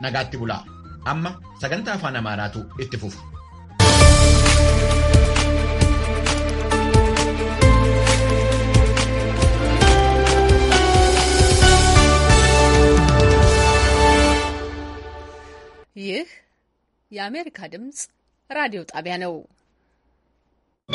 nagaatti bulaa amma sagantaa afaan amaaraatu itti fufu. ይህ የአሜሪካ ድምፅ ራዲዮ ጣቢያ ነው። ¶¶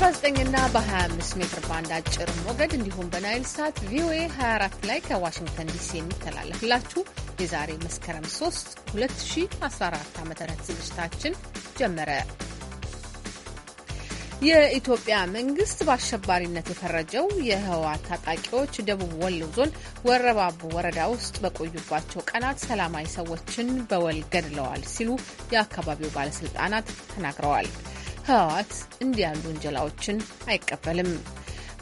በ19ና በ25 ሜትር ባንድ አጭር ሞገድ እንዲሁም በናይል ሳት ቪኦኤ 24 ላይ ከዋሽንግተን ዲሲ የሚተላለፍላችሁ የዛሬ መስከረም 3 2014 ዓ ም ዝግጅታችን ጀመረ። የኢትዮጵያ መንግስት በአሸባሪነት የፈረጀው የህወሓት ታጣቂዎች ደቡብ ወሎ ዞን ወረባቦ ወረዳ ውስጥ በቆዩባቸው ቀናት ሰላማዊ ሰዎችን በወል ገድለዋል ሲሉ የአካባቢው ባለስልጣናት ተናግረዋል። ህወሓት እንዲህ ያሉ ውንጀላዎችን አይቀበልም።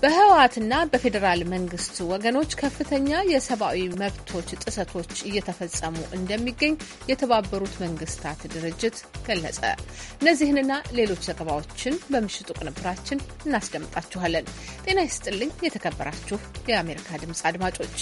በህወሓትና በፌዴራል መንግስት ወገኖች ከፍተኛ የሰብአዊ መብቶች ጥሰቶች እየተፈጸሙ እንደሚገኝ የተባበሩት መንግስታት ድርጅት ገለጸ። እነዚህንና ሌሎች ዘገባዎችን በምሽቱ ቅንብራችን እናስደምጣችኋለን። ጤና ይስጥልኝ የተከበራችሁ የአሜሪካ ድምፅ አድማጮች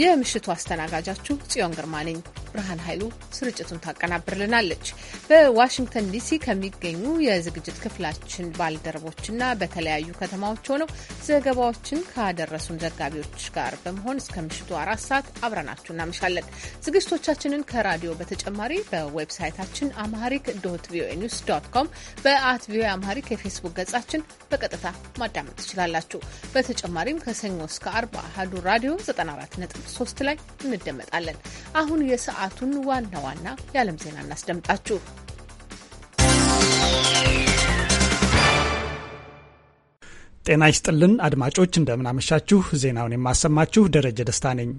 የምሽቱ አስተናጋጃችሁ ጽዮን ግርማ ነኝ። ብርሃን ኃይሉ ስርጭቱን ታቀናብርልናለች። በዋሽንግተን ዲሲ ከሚገኙ የዝግጅት ክፍላችን ባልደረቦችና በተለያዩ ከተማዎች ሆነው ዘገባዎችን ካደረሱን ዘጋቢዎች ጋር በመሆን እስከ ምሽቱ አራት ሰዓት አብረናችሁ እናመሻለን። ዝግጅቶቻችንን ከራዲዮ በተጨማሪ በዌብሳይታችን አማሪክ ዶት ቪኦኤ ኒውስ ዶት ኮም፣ በአት ቪኦኤ አማሪክ የፌስቡክ ገጻችን በቀጥታ ማዳመጥ ትችላላችሁ። በተጨማሪም ከሰኞ እስከ አርብ አህዱ ራዲዮ 94 ምሽት ሶስት ላይ እንደመጣለን። አሁን የሰዓቱን ዋና ዋና የዓለም ዜና እናስደምጣችሁ። ጤና ይስጥልን አድማጮች፣ እንደምናመሻችሁ። ዜናውን የማሰማችሁ ደረጀ ደስታ ነኝ።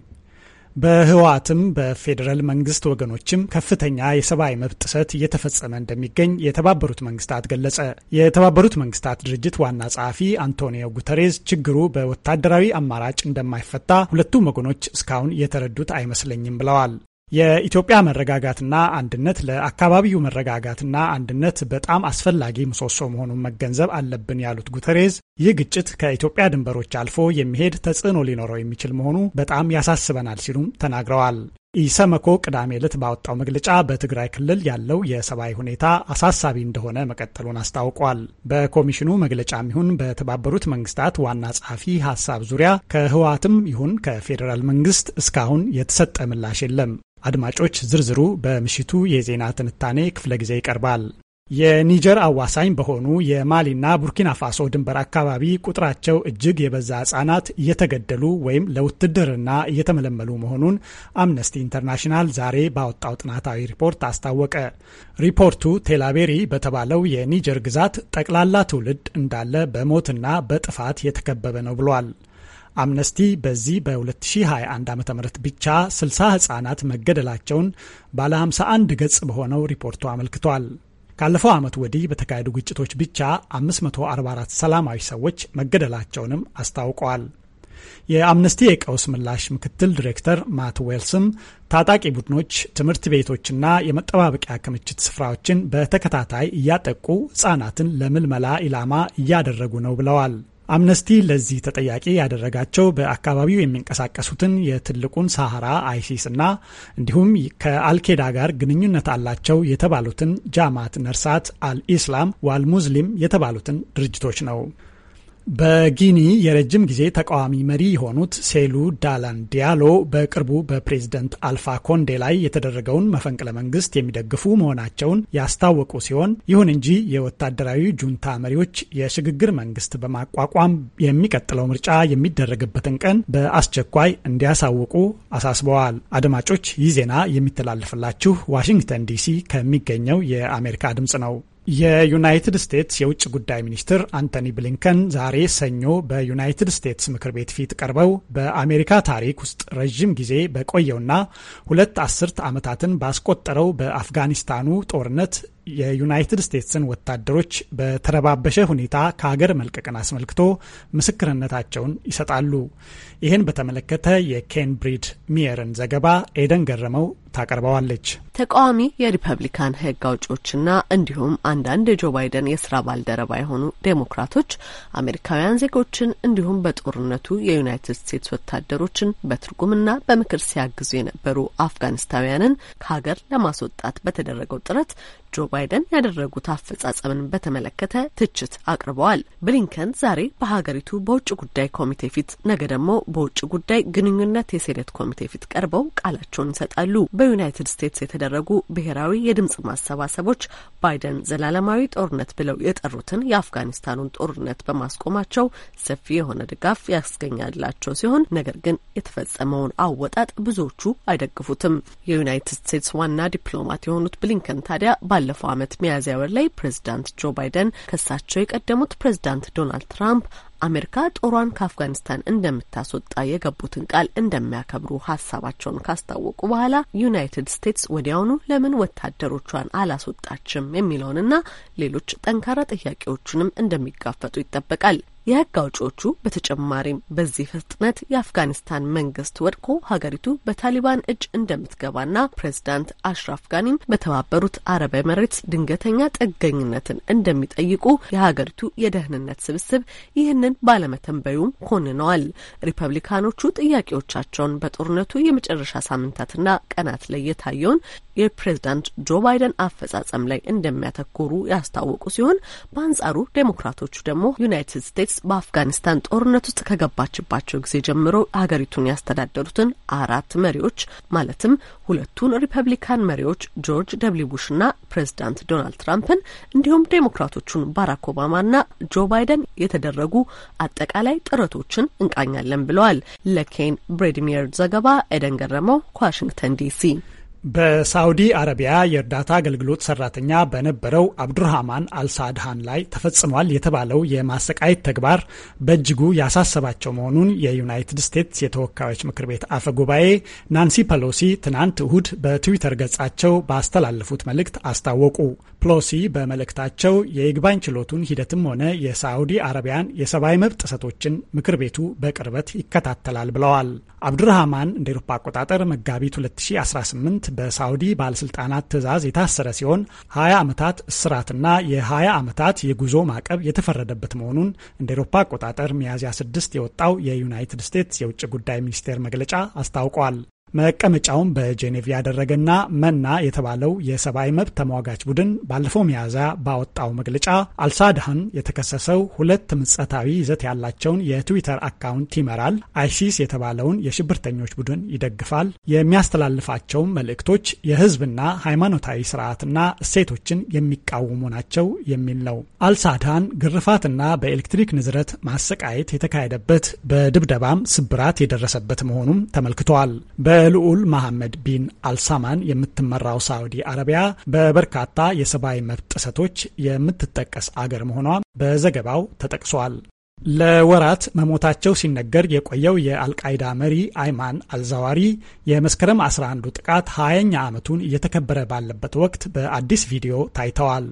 በህወሓትም በፌዴራል መንግስት ወገኖችም ከፍተኛ የሰብአዊ መብት ጥሰት እየተፈጸመ እንደሚገኝ የተባበሩት መንግስታት ገለጸ። የተባበሩት መንግስታት ድርጅት ዋና ጸሐፊ አንቶኒዮ ጉተሬዝ ችግሩ በወታደራዊ አማራጭ እንደማይፈታ ሁለቱም ወገኖች እስካሁን የተረዱት አይመስለኝም ብለዋል። የኢትዮጵያ መረጋጋትና አንድነት ለአካባቢው መረጋጋትና አንድነት በጣም አስፈላጊ ምሰሶ መሆኑን መገንዘብ አለብን ያሉት ጉተሬዝ ይህ ግጭት ከኢትዮጵያ ድንበሮች አልፎ የሚሄድ ተጽዕኖ ሊኖረው የሚችል መሆኑ በጣም ያሳስበናል ሲሉም ተናግረዋል። ኢሰመኮ ቅዳሜ ዕለት ባወጣው መግለጫ በትግራይ ክልል ያለው የሰብአዊ ሁኔታ አሳሳቢ እንደሆነ መቀጠሉን አስታውቋል። በኮሚሽኑ መግለጫም ይሁን በተባበሩት መንግስታት ዋና ጸሐፊ ሀሳብ ዙሪያ ከህወሓትም ይሁን ከፌዴራል መንግስት እስካሁን የተሰጠ ምላሽ የለም። አድማጮች፣ ዝርዝሩ በምሽቱ የዜና ትንታኔ ክፍለ ጊዜ ይቀርባል። የኒጀር አዋሳኝ በሆኑ የማሊና ቡርኪና ፋሶ ድንበር አካባቢ ቁጥራቸው እጅግ የበዛ ህጻናት እየተገደሉ ወይም ለውትድርና እየተመለመሉ መሆኑን አምነስቲ ኢንተርናሽናል ዛሬ ባወጣው ጥናታዊ ሪፖርት አስታወቀ። ሪፖርቱ ቴላቤሪ በተባለው የኒጀር ግዛት ጠቅላላ ትውልድ እንዳለ በሞትና በጥፋት የተከበበ ነው ብሏል። አምነስቲ በዚህ በ2021 ዓ ም ብቻ 60 ሕፃናት መገደላቸውን ባለ 51 ገጽ በሆነው ሪፖርቱ አመልክቷል። ካለፈው ዓመት ወዲህ በተካሄዱ ግጭቶች ብቻ 544 ሰላማዊ ሰዎች መገደላቸውንም አስታውቀዋል። የአምነስቲ የቀውስ ምላሽ ምክትል ዲሬክተር ማት ዌልስም ታጣቂ ቡድኖች ትምህርት ቤቶችና የመጠባበቂያ ክምችት ስፍራዎችን በተከታታይ እያጠቁ ህፃናትን ለምልመላ ኢላማ እያደረጉ ነው ብለዋል። አምነስቲ ለዚህ ተጠያቂ ያደረጋቸው በአካባቢው የሚንቀሳቀሱትን የትልቁን ሳሐራ አይሲስ እና እንዲሁም ከአልኬዳ ጋር ግንኙነት አላቸው የተባሉትን ጃማት ነርሳት አልኢስላም ዋል ሙዝሊም የተባሉትን ድርጅቶች ነው። በጊኒ የረጅም ጊዜ ተቃዋሚ መሪ የሆኑት ሴሉ ዳላን ዲያሎ በቅርቡ በፕሬዝደንት አልፋ ኮንዴ ላይ የተደረገውን መፈንቅለ መንግስት የሚደግፉ መሆናቸውን ያስታወቁ ሲሆን ይሁን እንጂ የወታደራዊ ጁንታ መሪዎች የሽግግር መንግስት በማቋቋም የሚቀጥለው ምርጫ የሚደረግበትን ቀን በአስቸኳይ እንዲያሳውቁ አሳስበዋል። አድማጮች፣ ይህ ዜና የሚተላለፍላችሁ ዋሽንግተን ዲሲ ከሚገኘው የአሜሪካ ድምጽ ነው። የዩናይትድ ስቴትስ የውጭ ጉዳይ ሚኒስትር አንቶኒ ብሊንከን ዛሬ ሰኞ በዩናይትድ ስቴትስ ምክር ቤት ፊት ቀርበው በአሜሪካ ታሪክ ውስጥ ረዥም ጊዜ በቆየውና ሁለት አስርት ዓመታትን ባስቆጠረው በአፍጋኒስታኑ ጦርነት የዩናይትድ ስቴትስን ወታደሮች በተረባበሸ ሁኔታ ከሀገር መልቀቅን አስመልክቶ ምስክርነታቸውን ይሰጣሉ። ይህን በተመለከተ የኬንብሪድ ሚየርን ዘገባ ኤደን ገረመው ታቀርበዋለች። ተቃዋሚ የሪፐብሊካን ህግ አውጪዎችና እንዲሁም አንዳንድ የጆ ባይደን የስራ ባልደረባ የሆኑ ዴሞክራቶች አሜሪካውያን ዜጎችን እንዲሁም በጦርነቱ የዩናይትድ ስቴትስ ወታደሮችን በትርጉምና በምክር ሲያግዙ የነበሩ አፍጋኒስታውያንን ከሀገር ለማስወጣት በተደረገው ጥረት ጆ ባይደን ያደረጉት አፈጻጸምን በተመለከተ ትችት አቅርበዋል። ብሊንከን ዛሬ በሀገሪቱ በውጭ ጉዳይ ኮሚቴ ፊት፣ ነገ ደግሞ በውጭ ጉዳይ ግንኙነት የሴኔት ኮሚቴ ፊት ቀርበው ቃላቸውን ይሰጣሉ። በዩናይትድ ስቴትስ የተደረጉ ብሔራዊ የድምጽ ማሰባሰቦች ባይደን ዘላለማዊ ጦርነት ብለው የጠሩትን የአፍጋኒስታኑን ጦርነት በማስቆማቸው ሰፊ የሆነ ድጋፍ ያስገኛላቸው ሲሆን ነገር ግን የተፈጸመውን አወጣጥ ብዙዎቹ አይደግፉትም። የዩናይትድ ስቴትስ ዋና ዲፕሎማት የሆኑት ብሊንከን ታዲያ ባለ ባለፈው ዓመት ሚያዝያ ወር ላይ ፕሬዚዳንት ጆ ባይደን ከሳቸው የቀደሙት ፕሬዚዳንት ዶናልድ ትራምፕ አሜሪካ ጦሯን ከአፍጋኒስታን እንደምታስወጣ የገቡትን ቃል እንደሚያከብሩ ሀሳባቸውን ካስታወቁ በኋላ ዩናይትድ ስቴትስ ወዲያውኑ ለምን ወታደሮቿን አላስወጣችም የሚለውንና ሌሎች ጠንካራ ጥያቄዎቹንም እንደሚጋፈጡ ይጠበቃል። የህግ አውጪዎቹ በተጨማሪም በዚህ ፍጥነት የአፍጋኒስታን መንግስት ወድቆ ሀገሪቱ በታሊባን እጅ እንደምትገባና ፕሬዚዳንት አሽራፍ ጋኒም በተባበሩት አረብ ኤምሬትስ ድንገተኛ ጥገኝነትን እንደሚጠይቁ የሀገሪቱ የደህንነት ስብስብ ይህንን ባለመተንበዩም ኮንነዋል። ሪፐብሊካኖቹ ጥያቄዎቻቸውን በጦርነቱ የመጨረሻ ሳምንታትና ቀናት ላይ የታየውን የፕሬዝዳንት ጆ ባይደን አፈጻጸም ላይ እንደሚያተኩሩ ያስታወቁ ሲሆን በአንጻሩ ዴሞክራቶቹ ደግሞ ዩናይትድ ስቴትስ በአፍጋኒስታን ጦርነት ውስጥ ከገባችባቸው ጊዜ ጀምሮ ሀገሪቱን ያስተዳደሩትን አራት መሪዎች ማለትም ሁለቱን ሪፐብሊካን መሪዎች ጆርጅ ደብሊው ቡሽና ፕሬዝዳንት ዶናልድ ትራምፕን እንዲሁም ዴሞክራቶቹን ባራክ ኦባማና ጆ ባይደን የተደረጉ አጠቃላይ ጥረቶችን እንቃኛለን ብለዋል። ለኬን ብሬድሚየር ዘገባ ኤደን ገረመው ከዋሽንግተን ዲሲ በሳውዲ አረቢያ የእርዳታ አገልግሎት ሰራተኛ በነበረው አብዱርሃማን አልሳድሃን ላይ ተፈጽሟል የተባለው የማሰቃየት ተግባር በእጅጉ ያሳሰባቸው መሆኑን የዩናይትድ ስቴትስ የተወካዮች ምክር ቤት አፈ ጉባኤ ናንሲ ፐሎሲ ትናንት እሁድ በትዊተር ገጻቸው ባስተላለፉት መልእክት አስታወቁ። ፕሎሲ በመልእክታቸው የይግባኝ ችሎቱን ሂደትም ሆነ የሳዑዲ አረቢያን የሰብአዊ መብት ጥሰቶችን ምክር ቤቱ በቅርበት ይከታተላል ብለዋል። አብዱራህማን እንደ ኤሮፓ አቆጣጠር መጋቢት 2018 በሳዑዲ ባለስልጣናት ትዕዛዝ የታሰረ ሲሆን 20 ዓመታት እስራትና የ20 ዓመታት የጉዞ ማዕቀብ የተፈረደበት መሆኑን እንደ ኤሮፓ አቆጣጠር ሚያዝያ 6 የወጣው የዩናይትድ ስቴትስ የውጭ ጉዳይ ሚኒስቴር መግለጫ አስታውቋል። መቀመጫውን በጄኔቭ ያደረገና መና የተባለው የሰብአዊ መብት ተሟጋች ቡድን ባለፈው ሚያዝያ ባወጣው መግለጫ አልሳድሃን የተከሰሰው ሁለት ምጸታዊ ይዘት ያላቸውን የትዊተር አካውንት ይመራል፣ አይሲስ የተባለውን የሽብርተኞች ቡድን ይደግፋል፣ የሚያስተላልፋቸውን መልእክቶች የህዝብና ሃይማኖታዊ ስርዓትና እሴቶችን የሚቃወሙ ናቸው የሚል ነው። አልሳድሃን ግርፋትና በኤሌክትሪክ ንዝረት ማሰቃየት የተካሄደበት በድብደባም ስብራት የደረሰበት መሆኑም ተመልክተዋል። በልዑል መሐመድ ቢን አልሳማን የምትመራው ሳዑዲ አረቢያ በበርካታ የሰብአዊ መብት ጥሰቶች የምትጠቀስ አገር መሆኗ በዘገባው ተጠቅሷል። ለወራት መሞታቸው ሲነገር የቆየው የአልቃይዳ መሪ አይማን አልዛዋሪ የመስከረም 11ዱ ጥቃት 20ኛ ዓመቱን እየተከበረ ባለበት ወቅት በአዲስ ቪዲዮ ታይተዋል።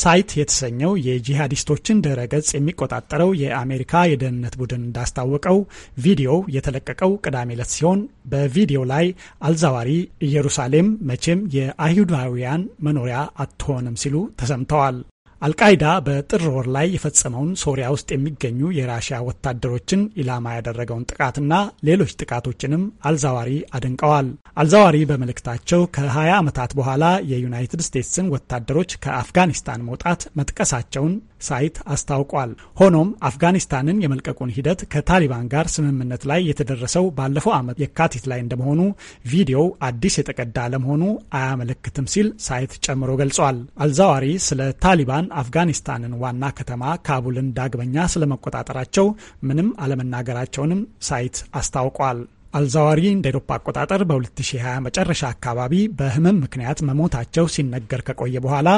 ሳይት የተሰኘው የጂሃዲስቶችን ድረ ገጽ የሚቆጣጠረው የአሜሪካ የደህንነት ቡድን እንዳስታወቀው ቪዲዮ የተለቀቀው ቅዳሜ ዕለት ሲሆን በቪዲዮው ላይ አልዛዋሪ ኢየሩሳሌም መቼም የአይሁዳውያን መኖሪያ አትሆንም ሲሉ ተሰምተዋል። አልቃይዳ በጥር ወር ላይ የፈጸመውን ሶሪያ ውስጥ የሚገኙ የራሽያ ወታደሮችን ኢላማ ያደረገውን ጥቃትና ሌሎች ጥቃቶችንም አልዛዋሪ አድንቀዋል። አልዛዋሪ በመልእክታቸው ከ20 ዓመታት በኋላ የዩናይትድ ስቴትስን ወታደሮች ከአፍጋኒስታን መውጣት መጥቀሳቸውን ሳይት አስታውቋል። ሆኖም አፍጋኒስታንን የመልቀቁን ሂደት ከታሊባን ጋር ስምምነት ላይ የተደረሰው ባለፈው ዓመት የካቲት ላይ እንደመሆኑ ቪዲዮው አዲስ የተቀዳ ለመሆኑ አያመለክትም ሲል ሳይት ጨምሮ ገልጿል። አልዛዋሪ ስለ ታሊባን አፍጋኒስታንን ዋና ከተማ ካቡልን ዳግመኛ ስለመቆጣጠራቸው ምንም አለመናገራቸውንም ሳይት አስታውቋል። አልዛዋሪ እንደ ኤሮፓ አቆጣጠር በ2020 መጨረሻ አካባቢ በህመም ምክንያት መሞታቸው ሲነገር ከቆየ በኋላ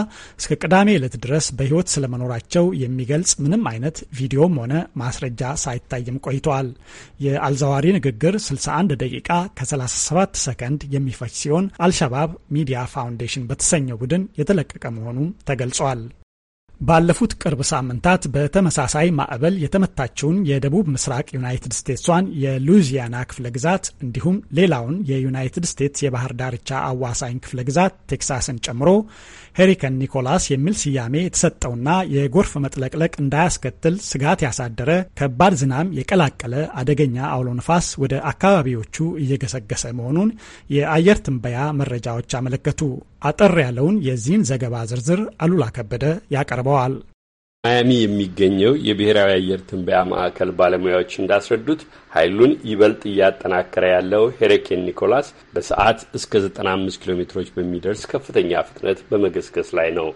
እስከ ቅዳሜ ዕለት ድረስ በህይወት ስለመኖራቸው የሚገልጽ ምንም አይነት ቪዲዮም ሆነ ማስረጃ ሳይታይም ቆይተዋል። የአልዛዋሪ ንግግር 61 ደቂቃ ከ37 ሰከንድ የሚፈጅ ሲሆን አልሸባብ ሚዲያ ፋውንዴሽን በተሰኘው ቡድን የተለቀቀ መሆኑም ተገልጿል። ባለፉት ቅርብ ሳምንታት በተመሳሳይ ማዕበል የተመታችውን የደቡብ ምስራቅ ዩናይትድ ስቴትሷን የሉዊዚያና ክፍለ ግዛት እንዲሁም ሌላውን የዩናይትድ ስቴትስ የባህር ዳርቻ አዋሳኝ ክፍለ ግዛት ቴክሳስን ጨምሮ ሄሪከን ኒኮላስ የሚል ስያሜ የተሰጠውና የጎርፍ መጥለቅለቅ እንዳያስከትል ስጋት ያሳደረ ከባድ ዝናም የቀላቀለ አደገኛ አውሎ ነፋስ ወደ አካባቢዎቹ እየገሰገሰ መሆኑን የአየር ትንበያ መረጃዎች አመለከቱ። አጠር ያለውን የዚህን ዘገባ ዝርዝር አሉላ ከበደ ያቀርበዋል። ማያሚ የሚገኘው የብሔራዊ አየር ትንበያ ማዕከል ባለሙያዎች እንዳስረዱት ኃይሉን ይበልጥ እያጠናከረ ያለው ሄሪኬን ኒኮላስ በሰዓት እስከ 95 ኪሎ ሜትሮች በሚደርስ ከፍተኛ ፍጥነት በመገስገስ ላይ ነው።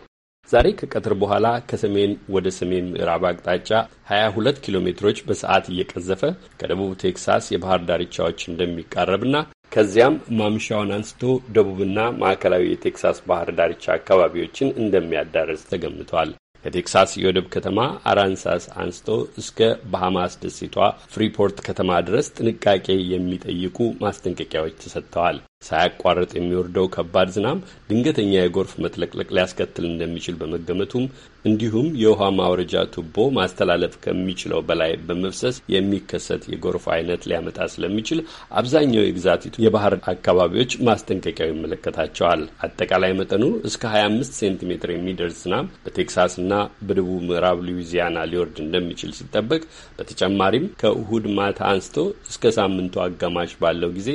ዛሬ ከቀትር በኋላ ከሰሜን ወደ ሰሜን ምዕራብ አቅጣጫ 22 ኪሎ ሜትሮች በሰዓት እየቀዘፈ ከደቡብ ቴክሳስ የባህር ዳርቻዎች እንደሚቃረብና ከዚያም ማምሻውን አንስቶ ደቡብና ማዕከላዊ የቴክሳስ ባህር ዳርቻ አካባቢዎችን እንደሚያዳርስ ተገምቷል። ከቴክሳስ የወደብ ከተማ አራንሳስ አንስቶ እስከ ባሃማስ ደሴቷ ፍሪፖርት ከተማ ድረስ ጥንቃቄ የሚጠይቁ ማስጠንቀቂያዎች ተሰጥተዋል። ሳያቋርጥ የሚወርደው ከባድ ዝናብ ድንገተኛ የጎርፍ መጥለቅለቅ ሊያስከትል እንደሚችል በመገመቱም እንዲሁም የውሃ ማውረጃ ቱቦ ማስተላለፍ ከሚችለው በላይ በመፍሰስ የሚከሰት የጎርፍ አይነት ሊያመጣ ስለሚችል አብዛኛው የግዛቲቱ የባህር አካባቢዎች ማስጠንቀቂያው ይመለከታቸዋል። አጠቃላይ መጠኑ እስከ 25 ሴንቲሜትር የሚደርስ ዝናብ በቴክሳስና በደቡብ ምዕራብ ሉዊዚያና ሊወርድ እንደሚችል ሲጠበቅ በተጨማሪም ከእሁድ ማታ አንስቶ እስከ ሳምንቱ አጋማሽ ባለው ጊዜ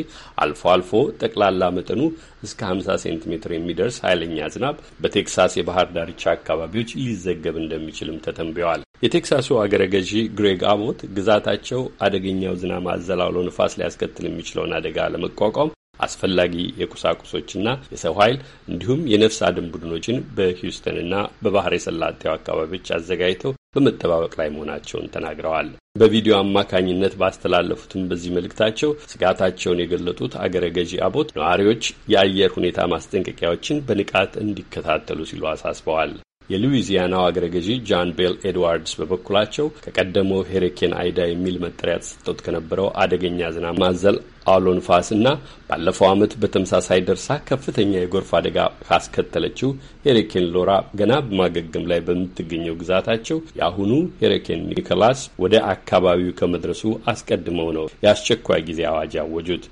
አልፎ አልፎ ጠቅላላ መጠኑ እስከ 50 ሴንቲሜትር የሚደርስ ኃይለኛ ዝናብ በቴክሳስ የባህር ዳርቻ አካባቢዎች ሊዘገብ እንደሚችልም ተተንብየዋል። የቴክሳሱ አገረ ገዢ ግሬግ አቦት ግዛታቸው አደገኛው ዝናብ አዘል አውሎ ሊያስከትል የሚችለውን አደጋ ለመቋቋም አስፈላጊ የቁሳቁሶችና የሰው ኃይል እንዲሁም የነፍስ አድን ቡድኖችን በሂውስተንና በባህር የሰላጤው አካባቢዎች አዘጋጅተው በመጠባበቅ ላይ መሆናቸውን ተናግረዋል። በቪዲዮ አማካኝነት ባስተላለፉትም በዚህ መልእክታቸው ስጋታቸውን የገለጡት አገረ ገዢ አቦት ነዋሪዎች የአየር ሁኔታ ማስጠንቀቂያዎችን በንቃት እንዲከታተሉ ሲሉ አሳስበዋል። የሉዊዚያናው አገረ ገዢ ጃን ቤል ኤድዋርድስ በበኩላቸው ከቀደመው ሄሪኬን አይዳ የሚል መጠሪያ ተሰጥቶት ከነበረው አደገኛ ዝናብ ማዘል አውሎ ንፋስና ባለፈው ዓመት በተመሳሳይ ደርሳ ከፍተኛ የጎርፍ አደጋ ካስከተለችው ሄሪኬን ሎራ ገና በማገገም ላይ በምትገኘው ግዛታቸው የአሁኑ ሄሪኬን ኒኮላስ ወደ አካባቢው ከመድረሱ አስቀድመው ነው የአስቸኳይ ጊዜ አዋጅ ያወጁት።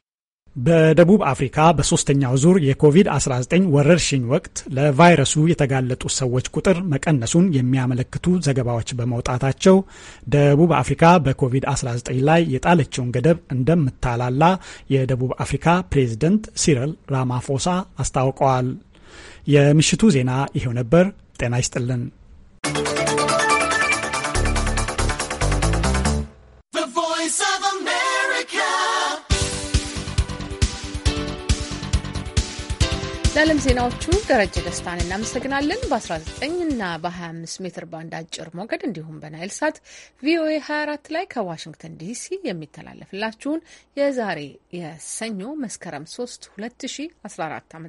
በደቡብ አፍሪካ በሶስተኛው ዙር የኮቪድ-19 ወረርሽኝ ወቅት ለቫይረሱ የተጋለጡ ሰዎች ቁጥር መቀነሱን የሚያመለክቱ ዘገባዎች በመውጣታቸው ደቡብ አፍሪካ በኮቪድ-19 ላይ የጣለችውን ገደብ እንደምታላላ የደቡብ አፍሪካ ፕሬዝደንት ሲረል ራማፎሳ አስታውቀዋል። የምሽቱ ዜና ይሄው ነበር። ጤና ይስጥልን። ለዓለም ዜናዎቹ ደረጀ ደስታን እናመሰግናለን። በ19ና በ25 ሜትር ባንድ አጭር ሞገድ እንዲሁም በናይል ሳት ቪኦኤ 24 ላይ ከዋሽንግተን ዲሲ የሚተላለፍላችሁን የዛሬ የሰኞ መስከረም 3 2014 ዓ.ም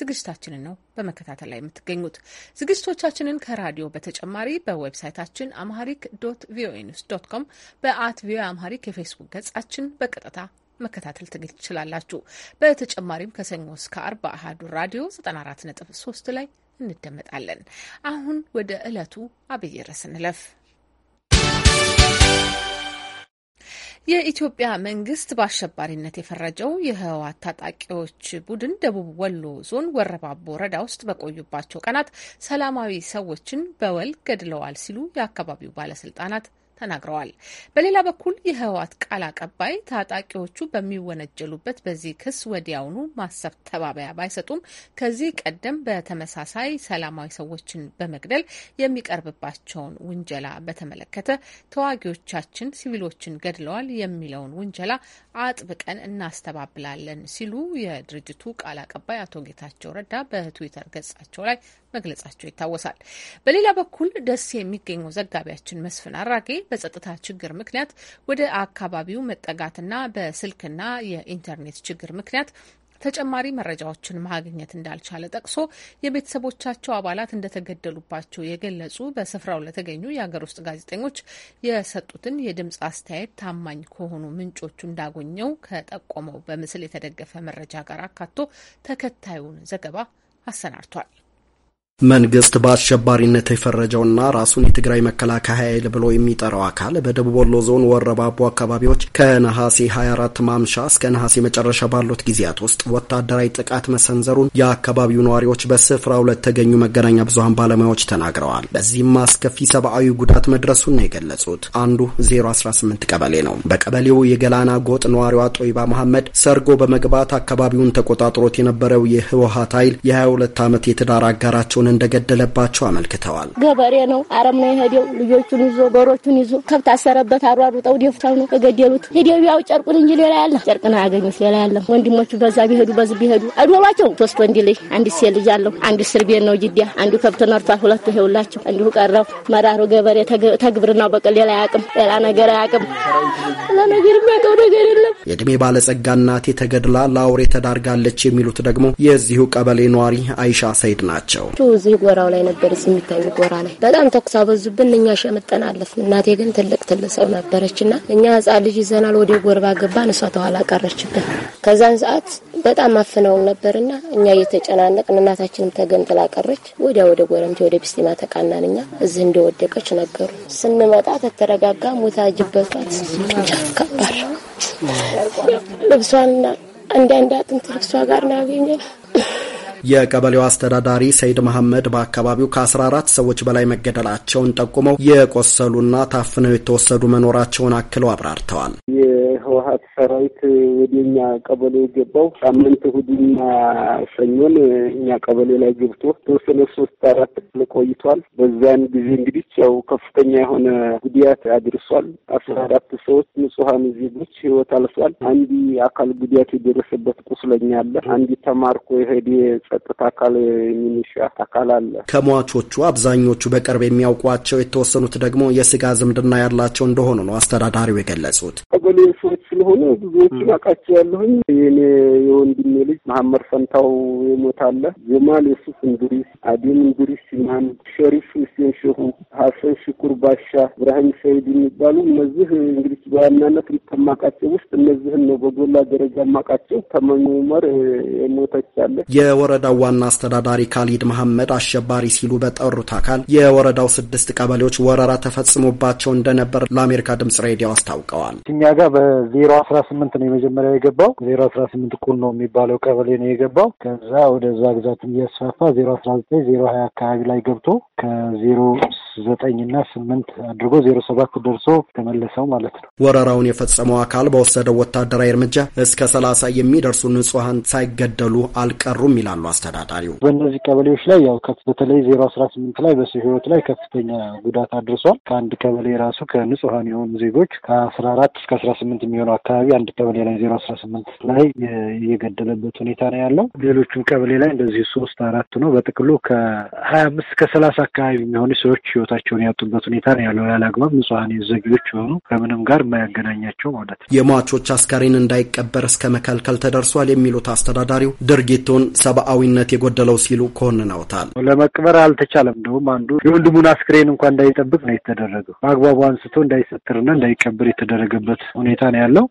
ዝግጅታችንን ነው በመከታተል ላይ የምትገኙት። ዝግጅቶቻችንን ከራዲዮ በተጨማሪ በዌብሳይታችን አምሃሪክ ዶት ቪኦኤ ኒውስ ዶት ኮም፣ በአት ቪኦኤ አምሃሪክ የፌስቡክ ገጻችን በቀጥታ መከታተል ትችላላችሁ። በተጨማሪም ከሰኞ እስከ አርብ አህዱ ራዲዮ 94.3 ላይ እንደመጣለን። አሁን ወደ ዕለቱ አብይ ርዕስ እንለፍ። የኢትዮጵያ መንግስት በአሸባሪነት የፈረጀው የህወሓት ታጣቂዎች ቡድን ደቡብ ወሎ ዞን ወረባቦ ወረዳ ውስጥ በቆዩባቸው ቀናት ሰላማዊ ሰዎችን በወል ገድለዋል ሲሉ የአካባቢው ባለስልጣናት ተናግረዋል። በሌላ በኩል የህወሓት ቃል አቀባይ ታጣቂዎቹ በሚወነጀሉበት በዚህ ክስ ወዲያውኑ ማስተባበያ ባይሰጡም ከዚህ ቀደም በተመሳሳይ ሰላማዊ ሰዎችን በመግደል የሚቀርብባቸውን ውንጀላ በተመለከተ ተዋጊዎቻችን ሲቪሎችን ገድለዋል የሚለውን ውንጀላ አጥብቀን እናስተባብላለን ሲሉ የድርጅቱ ቃል አቀባይ አቶ ጌታቸው ረዳ በትዊተር ገጻቸው ላይ መግለጻቸው ይታወሳል። በሌላ በኩል ደሴ የሚገኘው ዘጋቢያችን መስፍን አራጌ በጸጥታ ችግር ምክንያት ወደ አካባቢው መጠጋትና በስልክና የኢንተርኔት ችግር ምክንያት ተጨማሪ መረጃዎችን ማግኘት እንዳልቻለ ጠቅሶ የቤተሰቦቻቸው አባላት እንደተገደሉባቸው የገለጹ በስፍራው ለተገኙ የሀገር ውስጥ ጋዜጠኞች የሰጡትን የድምፅ አስተያየት ታማኝ ከሆኑ ምንጮቹ እንዳጎኘው ከጠቆመው በምስል የተደገፈ መረጃ ጋር አካቶ ተከታዩን ዘገባ አሰናድቷል። መንግስት በአሸባሪነት የፈረጀውና ራሱን የትግራይ መከላከያ ኃይል ብሎ የሚጠራው አካል በደቡብ ወሎ ዞን ወረባቦ አካባቢዎች ከነሐሴ 24 ማምሻ እስከ ነሐሴ መጨረሻ ባሉት ጊዜያት ውስጥ ወታደራዊ ጥቃት መሰንዘሩን የአካባቢው ነዋሪዎች በስፍራው ለተገኙ መገናኛ ብዙሀን ባለሙያዎች ተናግረዋል። በዚህም አስከፊ ሰብአዊ ጉዳት መድረሱን ነው የገለጹት። አንዱ 018 ቀበሌ ነው። በቀበሌው የገላና ጎጥ ነዋሪዋ ጦይባ መሐመድ ሰርጎ በመግባት አካባቢውን ተቆጣጥሮት የነበረው የህወሀት ኃይል የ22 ዓመት የትዳር አጋራቸውን ልጃቸውን እንደገደለባቸው አመልክተዋል። ገበሬ ነው፣ አረም ነው የሄደው። ልጆቹን ይዞ በሮቹን ይዞ ከብት አሰረበት። አሯሩጠው ደፍተው ነው የገደሉት። ሄደው ያው ጨርቁን እንጂ ሌላ ያለ ጨርቅን አያገኙት ሌላ ያለም ወንድሞቹ በዛ ቢሄዱ በዝ ቢሄዱ አድሏቸው ሶስት ወንድ ልጅ አንድ ሴ ልጅ አለው። አንዱ እስር ቤት ነው ጅዲያ። አንዱ ከብት ነርቷል ሁለቱ ሄውላቸው እንዲሁ ቀረው። መራሩ ገበሬ ተግብርናው በቀል ሌላ አያውቅም፣ ሌላ ነገር አያውቅም። ለነገር የሚያውቀው ነገር የለም። የዕድሜ ባለጸጋ እናቴ ተገድላ ለአውሬ ተዳርጋለች የሚሉት ደግሞ የዚሁ ቀበሌ ነዋሪ አይሻ ሰይድ ናቸው። እዚህ ጎራው ላይ ነበር፣ እዚህ የሚታዩ ጎራ ላይ በጣም ተኩስ አበዙብን። እኛ ሸምጠን አለፍን። እናቴ ግን ትልቅ ትልቅ ሰው ነበረች እና እኛ ህጻን ልጅ ይዘናል ወደ ጎርባ ገባን፣ እሷ ተኋላ ቀረችብን። ከዛን ሰዓት በጣም አፍነውን ነበርና እኛ እየተጨናነቅን እናታችንም ተገንጥላ ቀረች። ወዲያ ወደ ጎረምቴ ወደ ቢስቲማ ተቃናን። እኛ እዚህ እንደወደቀች ነገሩ ስንመጣ ተተረጋጋ ሞታ ከባድ ልብሷንና አንዳንድ አጥንት ልብሷ ጋር ናገኘ የቀበሌው አስተዳዳሪ ሰይድ መሐመድ በአካባቢው ከ14 ሰዎች በላይ መገደላቸውን ጠቁመው የቆሰሉና ታፍነው የተወሰዱ መኖራቸውን አክለው አብራርተዋል። የህወሀት ሰራዊት ወደኛ ቀበሌ የገባው ሳምንት እሁድና ሰኞን እኛ ቀበሌ ላይ ገብቶ ተወሰነ ሶስት አራት ቆይቷል። በዛን ጊዜ እንግዲህ ያው ከፍተኛ የሆነ ጉዳት አድርሷል። አስራ አራት ሰዎች ንጹሀን ዜጎች ህይወት አልፏል። አንድ አካል ጉዳት የደረሰበት ቁስለኛ አለ። አንድ ተማርኮ የሄደ ጸጥታ አካል የሚኒሻ አካል አለ። ከሟቾቹ አብዛኞቹ በቅርብ የሚያውቋቸው የተወሰኑት ደግሞ የስጋ ዝምድና ያላቸው እንደሆኑ ነው አስተዳዳሪው የገለጹት። ቀበሌ ሰዎች ስለሆኑ ብዙዎችን አውቃቸው ያለሁኝ። የኔ የወንድሜ ልጅ መሐመድ ፈንታው አለ ጀማል የሱፍ እንዱሪስ፣ አዴም እንዱሪስ፣ ሲማን ሸሪፍ፣ ሁሴን ሸሁ፣ ሀሰን ሽኩር ባሻ፣ እብራሂም ሰይድ የሚባሉ እነዚህ እንግዲህ በዋናነት ከማውቃቸው ውስጥ እነዚህን ነው በጎላ ደረጃ ማውቃቸው ተመኙ መር የሞተች አለ የወረ የወረዳው ዋና አስተዳዳሪ ካሊድ መሐመድ አሸባሪ ሲሉ በጠሩት አካል የወረዳው ስድስት ቀበሌዎች ወረራ ተፈጽሞባቸው እንደነበር ለአሜሪካ ድምጽ ሬዲዮ አስታውቀዋል። እኛ ጋር በዜሮ አስራ ስምንት ነው የመጀመሪያ የገባው ዜሮ አስራ ስምንት ቁል ነው የሚባለው ቀበሌ ነው የገባው። ከዛ ወደዛ ግዛት እያስፋፋ ዜሮ አስራ ዘጠኝ ዜሮ ሀያ አካባቢ ላይ ገብቶ ከዜሮ ዘጠኝ እና ስምንት አድርጎ ዜሮ ሰባት ደርሶ ተመለሰው ማለት ነው። ወረራውን የፈጸመው አካል በወሰደው ወታደራዊ እርምጃ እስከ ሰላሳ የሚደርሱ ንጹሀን ሳይገደሉ አልቀሩም ይላሉ አስተዳዳሪው። በእነዚህ ቀበሌዎች ላይ ያው በተለይ ዜሮ አስራ ስምንት ላይ በሰው ህይወት ላይ ከፍተኛ ጉዳት አድርሷል። ከአንድ ቀበሌ ራሱ ከንጹሀን የሆኑ ዜጎች ከአስራ አራት እስከ አስራ ስምንት የሚሆነው አካባቢ አንድ ቀበሌ ላይ ዜሮ አስራ ስምንት ላይ የገደለበት ሁኔታ ነው ያለው። ሌሎቹም ቀበሌ ላይ እንደዚህ ሶስት አራት ነው። በጥቅሉ ከሀያ አምስት ከሰላሳ አካባቢ የሚሆኑ ሰዎች ህይወታቸውን ያጡበት ሁኔታ ነው ያለው። ያለ አግባብ ንጹሐን ዘቢዎች የሆኑ ከምንም ጋር የማያገናኛቸው ማለት ነው። የሟቾች አስከሬን እንዳይቀበር እስከ መከልከል ተደርሷል የሚሉት አስተዳዳሪው ድርጊቱን ሰብአዊነት የጎደለው ሲሉ ኮንነውታል። ለመቅበር አልተቻለም። እንደውም አንዱ የወንድሙን አስክሬን እንኳን እንዳይጠብቅ ነው የተደረገው። በአግባቡ አንስቶ እንዳይሰጥርና እንዳይቀበር የተደረገበት ሁኔታ ነው ያለው።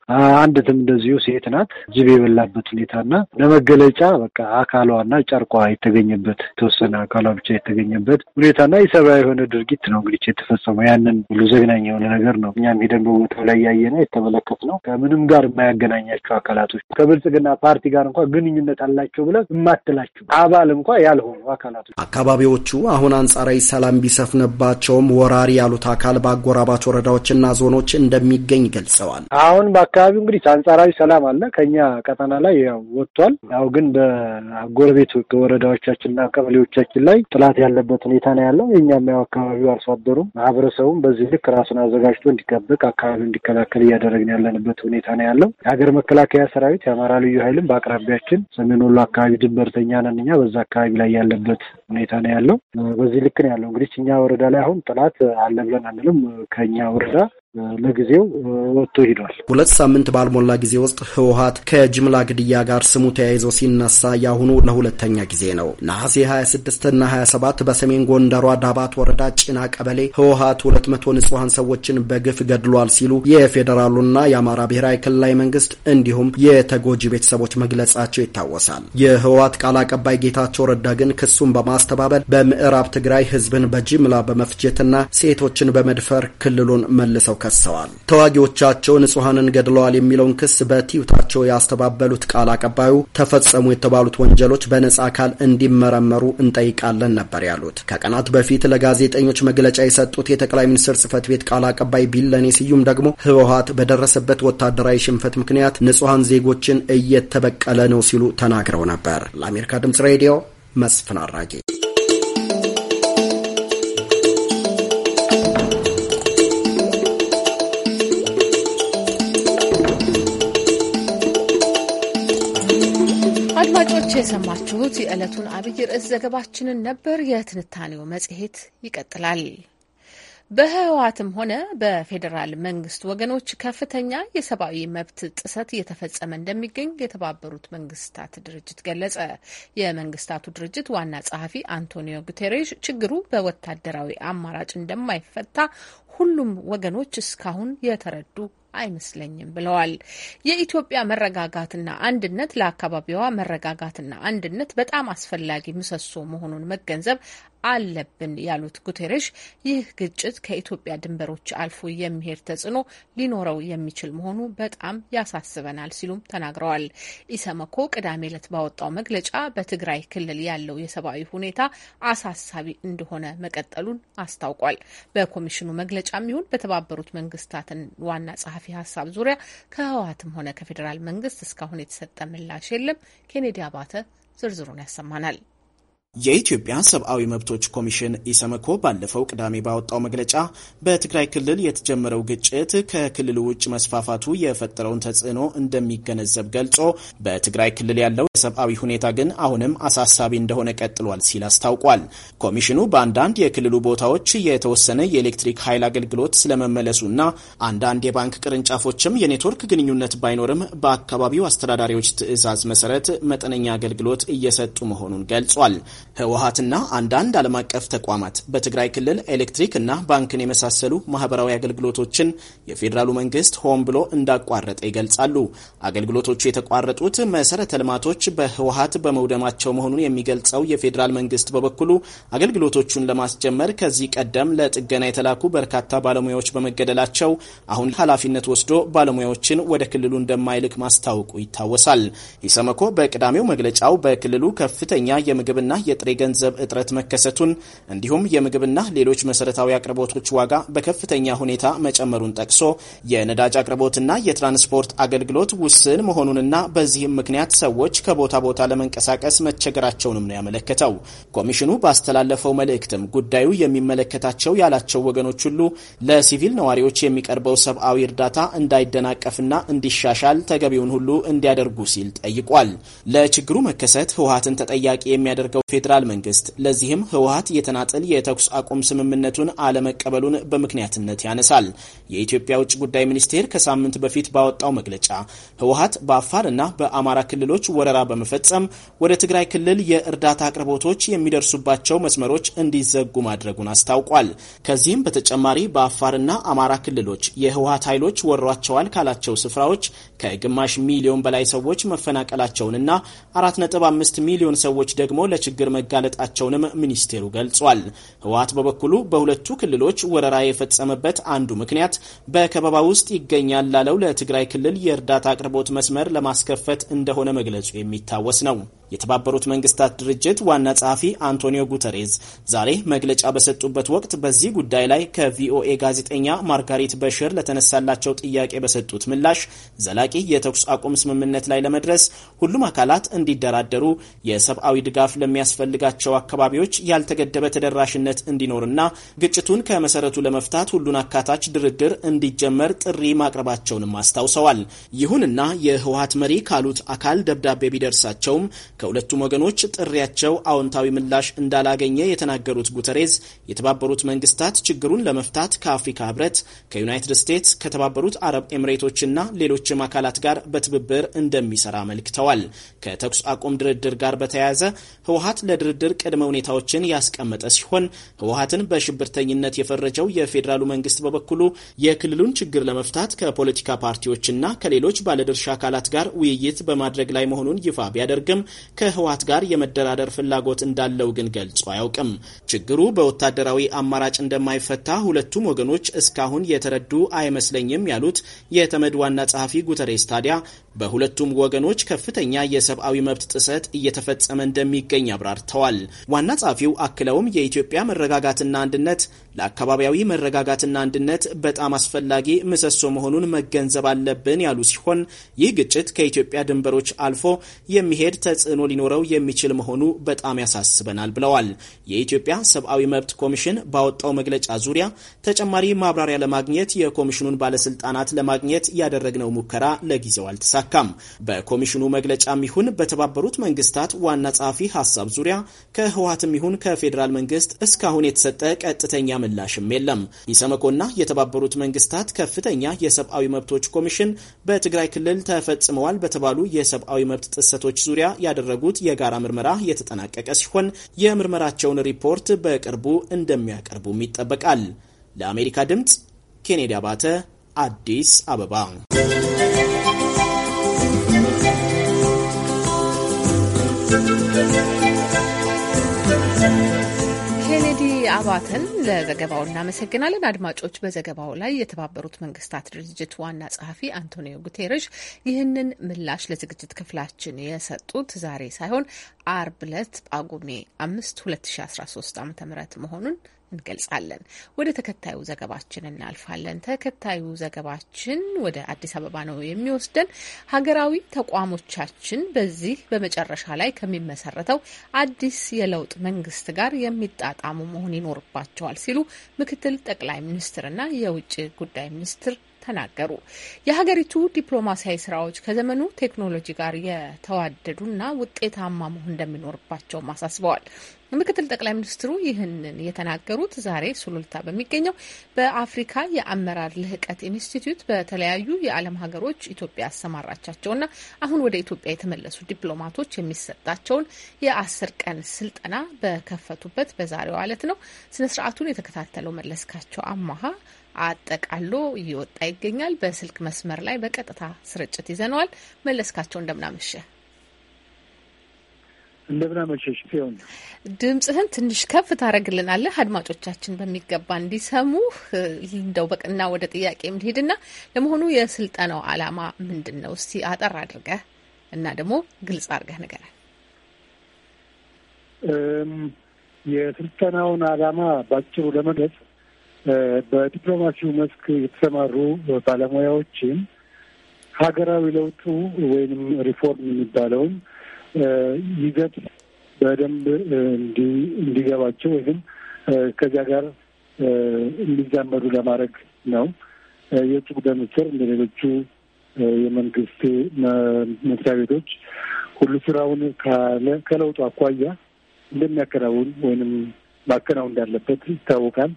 አንድትም እንደዚሁ ሴት ናት ጅብ የበላበት ሁኔታና ለመገለጫ በቃ አካሏና ጨርቋ የተገኘበት የተወሰነ አካሏ ብቻ የተገኘበት ሁኔታና የሰብአዊ የሆነ ድርጊት ድርጊት ነው እንግዲህ የተፈጸመው። ያንን ሁሉ ዘግናኝ የሆነ ነገር ነው። እኛም ሄደን በቦታው ላይ የተመለከት ነው። ከምንም ጋር የማያገናኛቸው አካላቶች ከብልጽግና ፓርቲ ጋር እንኳ ግንኙነት አላቸው ብለን የማትላቸው አባል እንኳ ያልሆኑ አካላቶች። አካባቢዎቹ አሁን አንጻራዊ ሰላም ቢሰፍንባቸውም ወራሪ ያሉት አካል በአጎራባች ወረዳዎችና ዞኖች እንደሚገኝ ገልጸዋል። አሁን በአካባቢው እንግዲህ አንጻራዊ ሰላም አለ ከኛ ቀጠና ላይ ወጥቷል። ያው ግን በጎረቤት ወረዳዎቻችንና ቀበሌዎቻችን ላይ ጥላት ያለበት ሁኔታ ነው ያለው። የኛም ያው አካባቢ አካባቢው አርሶ አደሩም ማህበረሰቡም በዚህ ልክ ራሱን አዘጋጅቶ እንዲጠብቅ አካባቢ እንዲከላከል እያደረግን ያለንበት ሁኔታ ነው ያለው። የሀገር መከላከያ ሰራዊት የአማራ ልዩ ኃይልም በአቅራቢያችን ሰሜን ወሎ አካባቢ ድንበርተኛ ነን እኛ በዛ አካባቢ ላይ ያለበት ሁኔታ ነው ያለው። በዚህ ልክ ነው ያለው። እንግዲህ እኛ ወረዳ ላይ አሁን ጥላት አለ ብለን አንልም። ከኛ ወረዳ ለጊዜው ወጥቶ ሂዷል። ሁለት ሳምንት ባልሞላ ጊዜ ውስጥ ህወሀት ከጅምላ ግድያ ጋር ስሙ ተያይዞ ሲነሳ ያሁኑ ለሁለተኛ ጊዜ ነው። ነሐሴ 26 እና 27 በሰሜን ጎንደሯ ዳባት ወረዳ ጭና ቀበሌ ህወሀት 200 ንጹሐን ሰዎችን በግፍ ገድሏል ሲሉ የፌዴራሉና የአማራ ብሔራዊ ክልላዊ መንግስት እንዲሁም የተጎጂ ቤተሰቦች መግለጻቸው ይታወሳል። የህወሀት ቃል አቀባይ ጌታቸው ረዳ ግን ክሱን በማስተባበል በምዕራብ ትግራይ ህዝብን በጅምላ በመፍጀትና ሴቶችን በመድፈር ክልሉን መልሰው ከሰዋል። ተዋጊዎቻቸው ንጹሐንን ገድለዋል የሚለውን ክስ በቲዩታቸው ያስተባበሉት ቃል አቀባዩ ተፈጸሙ የተባሉት ወንጀሎች በነጻ አካል እንዲመረመሩ እንጠይቃለን ነበር ያሉት። ከቀናት በፊት ለጋዜጠኞች መግለጫ የሰጡት የጠቅላይ ሚኒስትር ጽህፈት ቤት ቃል አቀባይ ቢለኔ ስዩም ደግሞ ህወሀት በደረሰበት ወታደራዊ ሽንፈት ምክንያት ንጹሐን ዜጎችን እየተበቀለ ነው ሲሉ ተናግረው ነበር። ለአሜሪካ ድምጽ ሬዲዮ መስፍን አራጌ የሰማችሁት የዕለቱን አብይ ርዕስ ዘገባችንን ነበር። የትንታኔው መጽሔት ይቀጥላል። በህወሓትም ሆነ በፌዴራል መንግስት ወገኖች ከፍተኛ የሰብአዊ መብት ጥሰት እየተፈጸመ እንደሚገኝ የተባበሩት መንግስታት ድርጅት ገለጸ። የመንግስታቱ ድርጅት ዋና ጸሐፊ አንቶኒዮ ጉቴሬሽ ችግሩ በወታደራዊ አማራጭ እንደማይፈታ ሁሉም ወገኖች እስካሁን የተረዱ አይመስለኝም ብለዋል። የኢትዮጵያ መረጋጋትና አንድነት ለአካባቢዋ መረጋጋትና አንድነት በጣም አስፈላጊ ምሰሶ መሆኑን መገንዘብ አለብን ያሉት ጉቴሬሽ ይህ ግጭት ከኢትዮጵያ ድንበሮች አልፎ የሚሄድ ተጽዕኖ ሊኖረው የሚችል መሆኑ በጣም ያሳስበናል ሲሉም ተናግረዋል። ኢሰመኮ ቅዳሜ ዕለት ባወጣው መግለጫ በትግራይ ክልል ያለው የሰብአዊ ሁኔታ አሳሳቢ እንደሆነ መቀጠሉን አስታውቋል። በኮሚሽኑ መግለጫም ይሁን በተባበሩት መንግስታትን ዋና ጸሐፊ ሀሳብ ዙሪያ ከህወሀትም ሆነ ከፌዴራል መንግስት እስካሁን የተሰጠ ምላሽ የለም። ኬኔዲ አባተ ዝርዝሩን ያሰማናል። የኢትዮጵያ ሰብአዊ መብቶች ኮሚሽን ኢሰመኮ ባለፈው ቅዳሜ ባወጣው መግለጫ በትግራይ ክልል የተጀመረው ግጭት ከክልሉ ውጭ መስፋፋቱ የፈጠረውን ተጽዕኖ እንደሚገነዘብ ገልጾ በትግራይ ክልል ያለው የሰብአዊ ሁኔታ ግን አሁንም አሳሳቢ እንደሆነ ቀጥሏል ሲል አስታውቋል። ኮሚሽኑ በአንዳንድ የክልሉ ቦታዎች የተወሰነ የኤሌክትሪክ ኃይል አገልግሎት ስለመመለሱና አንዳንድ የባንክ ቅርንጫፎችም የኔትወርክ ግንኙነት ባይኖርም በአካባቢው አስተዳዳሪዎች ትዕዛዝ መሰረት መጠነኛ አገልግሎት እየሰጡ መሆኑን ገልጿል። ህወሀትና አንዳንድ ዓለም አቀፍ ተቋማት በትግራይ ክልል ኤሌክትሪክ እና ባንክን የመሳሰሉ ማህበራዊ አገልግሎቶችን የፌዴራሉ መንግስት ሆን ብሎ እንዳቋረጠ ይገልጻሉ። አገልግሎቶቹ የተቋረጡት መሰረተ ልማቶች በህወሀት በመውደማቸው መሆኑን የሚገልጸው የፌዴራል መንግስት በበኩሉ አገልግሎቶቹን ለማስጀመር ከዚህ ቀደም ለጥገና የተላኩ በርካታ ባለሙያዎች በመገደላቸው አሁን ኃላፊነት ወስዶ ባለሙያዎችን ወደ ክልሉ እንደማይልክ ማስታወቁ ይታወሳል። ኢሰመኮ በቅዳሜው መግለጫው በክልሉ ከፍተኛ የምግብና የጥሬ ገንዘብ እጥረት መከሰቱን እንዲሁም የምግብና ሌሎች መሰረታዊ አቅርቦቶች ዋጋ በከፍተኛ ሁኔታ መጨመሩን ጠቅሶ የነዳጅ አቅርቦትና የትራንስፖርት አገልግሎት ውስን መሆኑንና በዚህም ምክንያት ሰዎች ከቦታ ቦታ ለመንቀሳቀስ መቸገራቸውንም ነው ያመለከተው። ኮሚሽኑ ባስተላለፈው መልእክትም ጉዳዩ የሚመለከታቸው ያላቸው ወገኖች ሁሉ ለሲቪል ነዋሪዎች የሚቀርበው ሰብአዊ እርዳታ እንዳይደናቀፍና እንዲሻሻል ተገቢውን ሁሉ እንዲያደርጉ ሲል ጠይቋል። ለችግሩ መከሰት ህወሀትን ተጠያቂ የሚያደርገው ፌዴራል መንግስት ለዚህም ህወሀት የተናጠል የተኩስ አቁም ስምምነቱን አለመቀበሉን በምክንያትነት ያነሳል። የኢትዮጵያ ውጭ ጉዳይ ሚኒስቴር ከሳምንት በፊት ባወጣው መግለጫ ህወሀት በአፋር እና በአማራ ክልሎች ወረራ በመፈጸም ወደ ትግራይ ክልል የእርዳታ አቅርቦቶች የሚደርሱባቸው መስመሮች እንዲዘጉ ማድረጉን አስታውቋል። ከዚህም በተጨማሪ በአፋርና አማራ ክልሎች የህወሀት ኃይሎች ወሯቸዋል ካላቸው ስፍራዎች ከግማሽ ሚሊዮን በላይ ሰዎች መፈናቀላቸውንና 4.5 ሚሊዮን ሰዎች ደግሞ ለችግር መጋለጣቸውንም ሚኒስቴሩ ገልጿል። ህወሓት በበኩሉ በሁለቱ ክልሎች ወረራ የፈጸመበት አንዱ ምክንያት በከበባ ውስጥ ይገኛል ላለው ለትግራይ ክልል የእርዳታ አቅርቦት መስመር ለማስከፈት እንደሆነ መግለጹ የሚታወስ ነው። የተባበሩት መንግስታት ድርጅት ዋና ጸሐፊ አንቶኒዮ ጉተሬዝ ዛሬ መግለጫ በሰጡበት ወቅት በዚህ ጉዳይ ላይ ከቪኦኤ ጋዜጠኛ ማርጋሪት በሽር ለተነሳላቸው ጥያቄ በሰጡት ምላሽ ዘላቂ የተኩስ አቁም ስምምነት ላይ ለመድረስ ሁሉም አካላት እንዲደራደሩ፣ የሰብአዊ ድጋፍ ለሚያስፈልጋቸው አካባቢዎች ያልተገደበ ተደራሽነት እንዲኖርና ግጭቱን ከመሰረቱ ለመፍታት ሁሉን አካታች ድርድር እንዲጀመር ጥሪ ማቅረባቸውንም አስታውሰዋል። ይሁንና የህወሀት መሪ ካሉት አካል ደብዳቤ ቢደርሳቸውም ከሁለቱም ወገኖች ጥሪያቸው አዎንታዊ ምላሽ እንዳላገኘ የተናገሩት ጉተሬዝ የተባበሩት መንግስታት ችግሩን ለመፍታት ከአፍሪካ ህብረት፣ ከዩናይትድ ስቴትስ፣ ከተባበሩት አረብ ኤምሬቶችና ሌሎችም አካላት ጋር በትብብር እንደሚሰራ አመልክተዋል። ከተኩስ አቁም ድርድር ጋር በተያያዘ ህወሀት ለድርድር ቅድመ ሁኔታዎችን ያስቀመጠ ሲሆን ህወሀትን በሽብርተኝነት የፈረጀው የፌዴራሉ መንግስት በበኩሉ የክልሉን ችግር ለመፍታት ከፖለቲካ ፓርቲዎችና ከሌሎች ባለድርሻ አካላት ጋር ውይይት በማድረግ ላይ መሆኑን ይፋ ቢያደርግም ከህወሓት ጋር የመደራደር ፍላጎት እንዳለው ግን ገልጾ አያውቅም። ችግሩ በወታደራዊ አማራጭ እንደማይፈታ ሁለቱም ወገኖች እስካሁን የተረዱ አይመስለኝም ያሉት የተመድ ዋና ጸሐፊ ጉተሬስ ታዲያ በሁለቱም ወገኖች ከፍተኛ የሰብአዊ መብት ጥሰት እየተፈጸመ እንደሚገኝ አብራርተዋል። ዋና ጸሐፊው አክለውም የኢትዮጵያ መረጋጋትና አንድነት ለአካባቢያዊ መረጋጋትና አንድነት በጣም አስፈላጊ ምሰሶ መሆኑን መገንዘብ አለብን ያሉ ሲሆን ይህ ግጭት ከኢትዮጵያ ድንበሮች አልፎ የሚሄድ ተጽዕኖ ተጽዕኖ ሊኖረው የሚችል መሆኑ በጣም ያሳስበናል ብለዋል። የኢትዮጵያ ሰብአዊ መብት ኮሚሽን ባወጣው መግለጫ ዙሪያ ተጨማሪ ማብራሪያ ለማግኘት የኮሚሽኑን ባለስልጣናት ለማግኘት ያደረግነው ሙከራ ለጊዜው አልተሳካም። በኮሚሽኑ መግለጫም ይሁን በተባበሩት መንግስታት ዋና ጸሐፊ ሀሳብ ዙሪያ ከህወሀትም ይሁን ከፌዴራል መንግስት እስካሁን የተሰጠ ቀጥተኛ ምላሽም የለም። ኢሰመኮና የተባበሩት መንግስታት ከፍተኛ የሰብአዊ መብቶች ኮሚሽን በትግራይ ክልል ተፈጽመዋል በተባሉ የሰብአዊ መብት ጥሰቶች ዙሪያ ያደረ ያደረጉት የጋራ ምርመራ የተጠናቀቀ ሲሆን የምርመራቸውን ሪፖርት በቅርቡ እንደሚያቀርቡም ይጠበቃል። ለአሜሪካ ድምፅ ኬኔዲ አባተ አዲስ አበባ አባተን ለዘገባው እናመሰግናለን። አድማጮች፣ በዘገባው ላይ የተባበሩት መንግስታት ድርጅት ዋና ጸሐፊ አንቶኒዮ ጉቴረሽ ይህንን ምላሽ ለዝግጅት ክፍላችን የሰጡት ዛሬ ሳይሆን አርብ ዕለት ጳጉሜ አምስት ሁለት ሺ አስራ ሶስት አመተ ምህረት መሆኑን እንገልጻለን። ወደ ተከታዩ ዘገባችን እናልፋለን። ተከታዩ ዘገባችን ወደ አዲስ አበባ ነው የሚወስደን። ሀገራዊ ተቋሞቻችን በዚህ በመጨረሻ ላይ ከሚመሰረተው አዲስ የለውጥ መንግስት ጋር የሚጣጣሙ መሆን ይኖርባቸዋል ሲሉ ምክትል ጠቅላይ ሚኒስትርና የውጭ ጉዳይ ሚኒስትር ተናገሩ። የሀገሪቱ ዲፕሎማሲያዊ ስራዎች ከዘመኑ ቴክኖሎጂ ጋር የተዋደዱና ውጤታማ መሆን እንደሚኖርባቸውም አሳስበዋል። ምክትል ጠቅላይ ሚኒስትሩ ይህንን የተናገሩት ዛሬ ሱሉልታ በሚገኘው በአፍሪካ የአመራር ልህቀት ኢንስቲትዩት በተለያዩ የዓለም ሀገሮች ኢትዮጵያ ያሰማራቻቸውና አሁን ወደ ኢትዮጵያ የተመለሱ ዲፕሎማቶች የሚሰጣቸውን የአስር ቀን ስልጠና በከፈቱበት በዛሬው ዕለት ነው። ስነ ስርዓቱን የተከታተለው መለስካቸው አማሃ አጠቃሎ እየወጣ ይገኛል። በስልክ መስመር ላይ በቀጥታ ስርጭት ይዘነዋል። መለስካቸው እንደምናመሸ እንደምናመሸሽ ሲሆን ድምጽህን ትንሽ ከፍ ታደረግልናለህ አድማጮቻችን በሚገባ እንዲሰሙ እንደው በቅና ወደ ጥያቄ የምንሄድና ለመሆኑ የስልጠናው ዓላማ ምንድን ነው? እስቲ አጠር አድርገህ እና ደግሞ ግልጽ አድርገህ ንገረን። የስልጠናውን ዓላማ ባጭሩ ለመግለጽ በዲፕሎማሲው መስክ የተሰማሩ ባለሙያዎችም ሀገራዊ ለውጡ ወይንም ሪፎርም የሚባለውን ይዘት በደንብ እንዲገባቸው ወይም ከዚያ ጋር እንዲዛመዱ ለማድረግ ነው። የውጭ ጉዳይ ሚኒስቴር እንደ ሌሎቹ የመንግስት መስሪያ ቤቶች ሁሉ ስራውን ከለውጡ አኳያ እንደሚያከናውን ወይንም ማከናወን እንዳለበት ይታወቃል።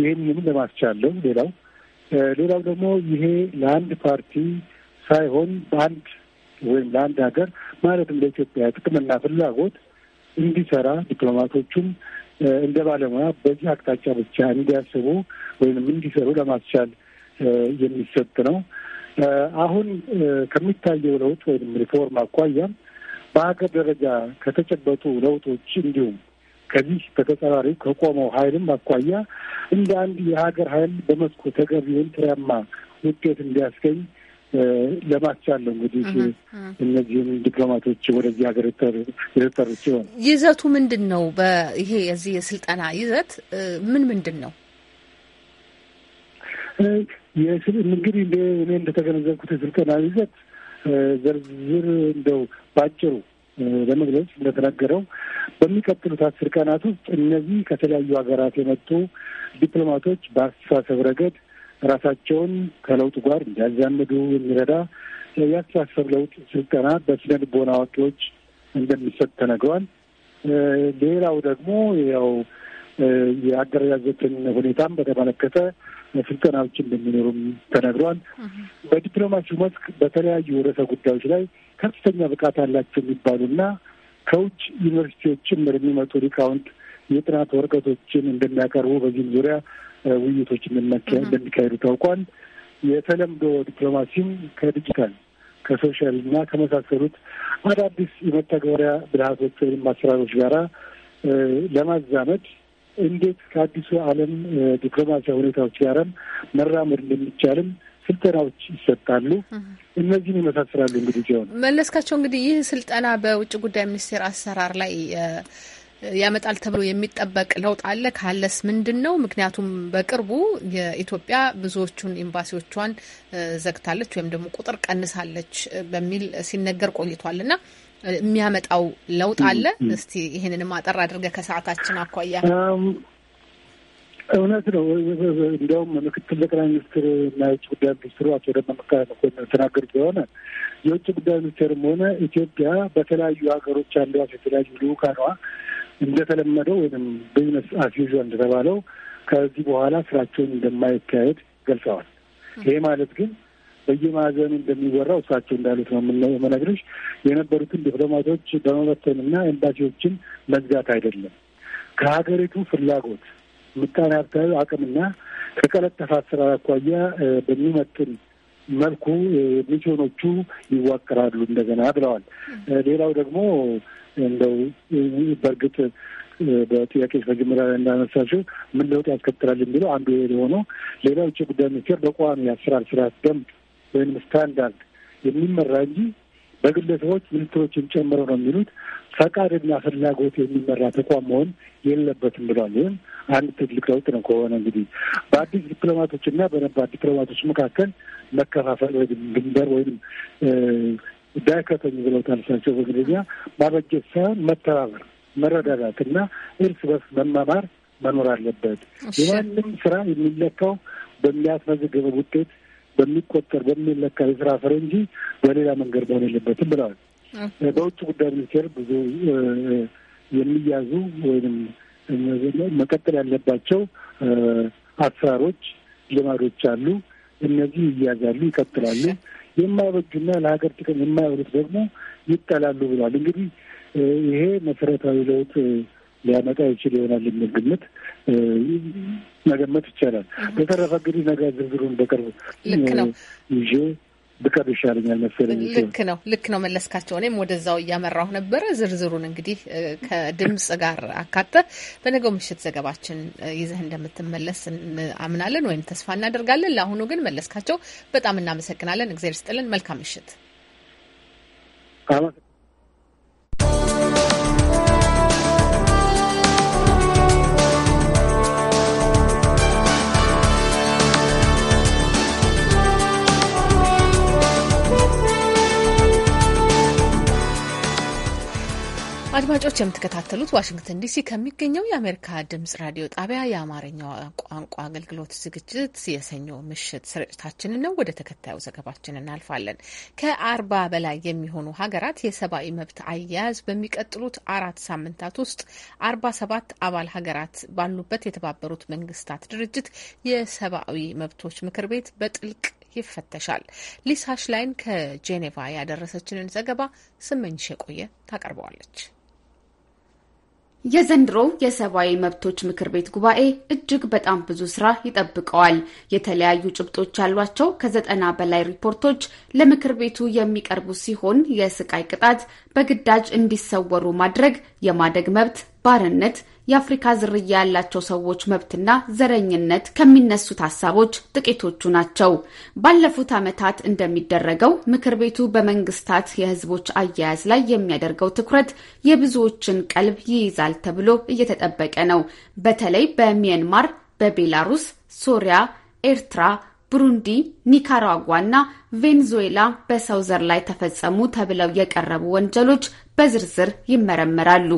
ይህንንም ለማስቻል ነው። ሌላው ሌላው ደግሞ ይሄ ለአንድ ፓርቲ ሳይሆን በአንድ ወይም ለአንድ ሀገር ማለትም ለኢትዮጵያ ጥቅምና ፍላጎት እንዲሰራ ዲፕሎማቶቹም እንደ ባለሙያ በዚህ አቅጣጫ ብቻ እንዲያስቡ ወይም እንዲሰሩ ለማስቻል የሚሰጥ ነው። አሁን ከሚታየው ለውጥ ወይም ሪፎርም አኳያም በሀገር ደረጃ ከተጨበጡ ለውጦች እንዲሁም ከዚህ በተጸራሪ ከቆመው ኃይልም አኳያ እንደ አንድ የሀገር ኃይል በመስኩ ተገቢውን ፍሬያማ ውጤት እንዲያስገኝ ለማስቻል ነው እንግዲህ እነዚህም ዲፕሎማቶች ወደዚህ ሀገር የተጠሩት ሲሆን ይዘቱ ምንድን ነው? ይሄ የዚህ የስልጠና ይዘት ምን ምንድን ነው? እንግዲህ እኔ እንደተገነዘብኩት የስልጠና ይዘት ዝርዝር እንደው ባጭሩ በመግለጽ እንደተናገረው በሚቀጥሉት አስር ቀናት ውስጥ እነዚህ ከተለያዩ ሀገራት የመጡ ዲፕሎማቶች በአስተሳሰብ ረገድ ራሳቸውን ከለውጡ ጋር እንዲያዛምዱ የሚረዳ የአስተሳሰብ ለውጥ ስልጠና በስነ ልቦና አዋቂዎች እንደሚሰጥ ተነግሯል። ሌላው ደግሞ ያው የአደረጃጀትን ሁኔታም በተመለከተ ስልጠናዎች እንደሚኖሩም ተነግሯል። በዲፕሎማሲው መስክ በተለያዩ ርዕሰ ጉዳዮች ላይ ከፍተኛ ብቃት ያላቸው የሚባሉና ከውጭ ዩኒቨርሲቲዎች ጭምር የሚመጡ ሊቃውንት የጥናት ወረቀቶችን እንደሚያቀርቡ በዚህም ዙሪያ ውይይቶች እንደሚካሄዱ ታውቋል። የተለምዶ ዲፕሎማሲም ከዲጂታል ከሶሻል እና ከመሳሰሉት አዳዲስ የመተግበሪያ ብልሃቶች ወይም አሰራሮች ጋራ ለማዛመድ እንዴት ከአዲሱ ዓለም ዲፕሎማሲያ ሁኔታዎች ጋርም መራመድ እንደሚቻልም ስልጠናዎች ይሰጣሉ። እነዚህን ይመሳስላሉ። እንግዲህ ሲሆን መለስካቸው፣ እንግዲህ ይህ ስልጠና በውጭ ጉዳይ ሚኒስቴር አሰራር ላይ ያመጣል ተብሎ የሚጠበቅ ለውጥ አለ? ካለስ ምንድን ነው? ምክንያቱም በቅርቡ የኢትዮጵያ ብዙዎቹን ኤምባሲዎቿን ዘግታለች ወይም ደግሞ ቁጥር ቀንሳለች በሚል ሲነገር ቆይቷል እና የሚያመጣው ለውጥ አለ? እስቲ ይህንንም አጠር አድርገህ ከሰዓታችን አኳያ። እውነት ነው። እንዲያውም ምክትል ጠቅላይ ሚኒስትር እና የውጭ ጉዳይ ሚኒስትሩ አቶ ደመቀ መኮንን ተናገር ከሆነ የውጭ ጉዳይ ሚኒስቴርም ሆነ ኢትዮጵያ በተለያዩ ሀገሮች ያሏት የተለያዩ ልዑካኗ እንደተለመደው ወይም ቢዝነስ አስዩዥ እንደተባለው ከዚህ በኋላ ስራቸውን እንደማይካሄድ ገልጸዋል። ይሄ ማለት ግን በየማዕዘኑ እንደሚወራው እሳቸው እንዳሉት ነው የምና የመነግርሽ የነበሩትን ዲፕሎማቶች በመበተን በመበተንና ኤምባሲዎችን መዝጋት አይደለም ከሀገሪቱ ፍላጎት ምጣኔ ሀብታዊ አቅምና ከቀለጠፈ አሰራር አኳያ በሚመጥን መልኩ ሚስዮኖቹ ይዋቀራሉ እንደገና ብለዋል። ሌላው ደግሞ እንደው በእርግጥ በጥያቄ መጀመሪያ ላይ እንዳነሳቸው ምን ለውጥ ያስከትላል የሚለው አንዱ የሆነው ሌላው ውጭ ጉዳይ ሚኒስቴር በቋሚ የአሰራር ስርዓት ደንብ ወይም ስታንዳርድ የሚመራ እንጂ በግለሰቦች ሚኒስትሮችን ጨምሮ ነው የሚሉት ፈቃድና ፍላጎት የሚመራ ተቋም መሆን የለበትም ብሏል። ይህም አንድ ትልቅ ለውጥ ነው። ከሆነ እንግዲህ በአዲስ ዲፕሎማቶችና በነባር ዲፕሎማቶች መካከል መከፋፈል ወይም ድንበር ወይም ዳይከተኝ ብለው ታነሳቸው በእንግሊዝኛ ማበጀት ሳይሆን መተባበር፣ እና እርስ በርስ መማማር መኖር አለበት። የማንም ስራ የሚለካው በሚያስመዘግበው ውጤት በሚቆጠር በሚለካ የስራ እንጂ በሌላ መንገድ መሆን የለበትም ብለዋል። በውጭ ጉዳይ ሚኒስቴር ብዙ የሚያዙ ወይም መቀጠል ያለባቸው አሰራሮች፣ ልማዶች አሉ። እነዚህ ይያዛሉ፣ ይቀጥላሉ። የማይበጁና ለሀገር ጥቅም የማይውሉት ደግሞ ይጠላሉ ብለዋል። እንግዲህ ይሄ መሰረታዊ ለውጥ ሊያመጣ ይችል ይሆናል የሚል ግምት መገመት ይቻላል። በተረፈ እንግዲህ ነገ ዝርዝሩን በቅርብ ይዤ ብቀር ይሻለኛል መሰለኝ። ልክ ነው ልክ ነው መለስካቸው። እኔም ወደዛው እያመራሁ ነበረ። ዝርዝሩን እንግዲህ ከድምጽ ጋር አካተ በነገው ምሽት ዘገባችን ይዘህ እንደምትመለስ አምናለን ወይም ተስፋ እናደርጋለን። ለአሁኑ ግን መለስካቸው በጣም እናመሰግናለን። እግዜር ስጥልን። መልካም ምሽት። አድማጮች የምትከታተሉት ዋሽንግተን ዲሲ ከሚገኘው የአሜሪካ ድምጽ ራዲዮ ጣቢያ የአማርኛው ቋንቋ አገልግሎት ዝግጅት የሰኞ ምሽት ስርጭታችንን ነው። ወደ ተከታዩ ዘገባችን እናልፋለን። ከአርባ በላይ የሚሆኑ ሀገራት የሰብአዊ መብት አያያዝ በሚቀጥሉት አራት ሳምንታት ውስጥ አርባ ሰባት አባል ሀገራት ባሉበት የተባበሩት መንግስታት ድርጅት የሰብአዊ መብቶች ምክር ቤት በጥልቅ ይፈተሻል። ሊሳሽ ላይን ከጄኔቫ ያደረሰችንን ዘገባ ስመኝሽ የቆየ ታቀርበዋለች። የዘንድሮው የሰብአዊ መብቶች ምክር ቤት ጉባኤ እጅግ በጣም ብዙ ስራ ይጠብቀዋል። የተለያዩ ጭብጦች ያሏቸው ከዘጠና በላይ ሪፖርቶች ለምክር ቤቱ የሚቀርቡ ሲሆን የስቃይ ቅጣት፣ በግዳጅ እንዲሰወሩ ማድረግ፣ የማደግ መብት ባርነት፣ የአፍሪካ ዝርያ ያላቸው ሰዎች መብትና ዘረኝነት ከሚነሱት ሀሳቦች ጥቂቶቹ ናቸው። ባለፉት ዓመታት እንደሚደረገው ምክር ቤቱ በመንግስታት የህዝቦች አያያዝ ላይ የሚያደርገው ትኩረት የብዙዎችን ቀልብ ይይዛል ተብሎ እየተጠበቀ ነው። በተለይ በሚያንማር፣ በቤላሩስ፣ ሶሪያ፣ ኤርትራ ቡሩንዲ፣ ኒካራጓ እና ቬንዙዌላ በሰው ዘር ላይ ተፈጸሙ ተብለው የቀረቡ ወንጀሎች በዝርዝር ይመረመራሉ።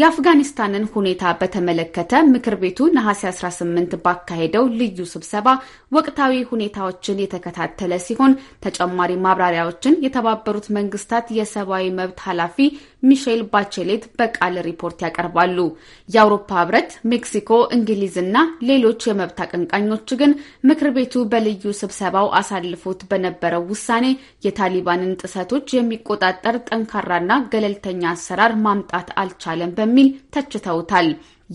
የአፍጋኒስታንን ሁኔታ በተመለከተ ምክር ቤቱ ነሐሴ 18 ባካሄደው ልዩ ስብሰባ ወቅታዊ ሁኔታዎችን የተከታተለ ሲሆን ተጨማሪ ማብራሪያዎችን የተባበሩት መንግስታት የሰብአዊ መብት ኃላፊ ሚሼል ባቼሌት በቃል ሪፖርት ያቀርባሉ። የአውሮፓ ህብረት፣ ሜክሲኮ፣ እንግሊዝና ሌሎች የመብት አቀንቃኞች ግን ምክር ቤቱ በልዩ ስብሰባው አሳልፎት በነበረው ውሳኔ የታሊባንን ጥሰቶች የሚቆጣጠር ጠንካራና ገለል ገለልተኛ አሰራር ማምጣት አልቻለም በሚል ተችተውታል።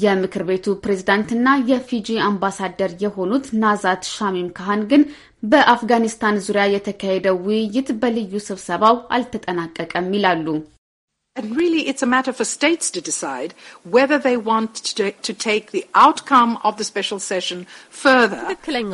የምክር ቤቱ ፕሬዝዳንትና የፊጂ አምባሳደር የሆኑት ናዛት ሻሚም ካህን ግን በአፍጋኒስታን ዙሪያ የተካሄደው ውይይት በልዩ ስብሰባው አልተጠናቀቀም ይላሉ። And really, it's a matter for states to decide whether they want to, to take the outcome of the special session further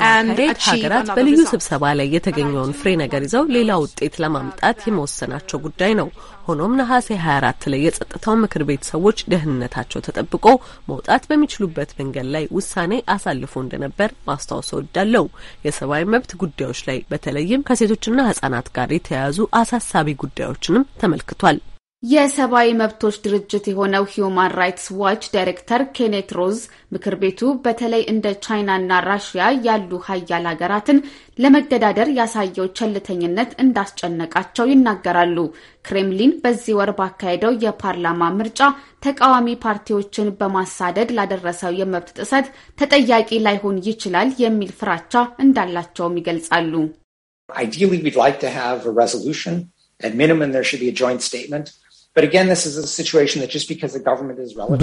and achieve ሀገራት በልዩ ስብሰባ ላይ የተገኘውን ፍሬ ነገር ይዘው ሌላ ውጤት ለማምጣት የመወሰናቸው ጉዳይ ነው። ሆኖም ነሐሴ 24 ላይ የጸጥታው ምክር ቤት ሰዎች ደህንነታቸው ተጠብቆ መውጣት በሚችሉበት መንገድ ላይ ውሳኔ አሳልፎ እንደነበር ማስታወስ እወዳለሁ። የሰብአዊ መብት ጉዳዮች ላይ በተለይም ከሴቶችና ህጻናት ጋር የተያያዙ አሳሳቢ ጉዳዮችንም ተመልክቷል። የሰብአዊ መብቶች ድርጅት የሆነው ሂዩማን ራይትስ ዋች ዳይሬክተር ኬኔት ሮዝ ምክር ቤቱ በተለይ እንደ ቻይናና ራሽያ ያሉ ሀያል ሀገራትን ለመገዳደር ያሳየው ቸልተኝነት እንዳስጨነቃቸው ይናገራሉ። ክሬምሊን በዚህ ወር ባካሄደው የፓርላማ ምርጫ ተቃዋሚ ፓርቲዎችን በማሳደድ ላደረሰው የመብት ጥሰት ተጠያቂ ላይሆን ይችላል የሚል ፍራቻ እንዳላቸውም ይገልጻሉ። Ideally, we'd like to have a resolution. At minimum, there should be a joint statement.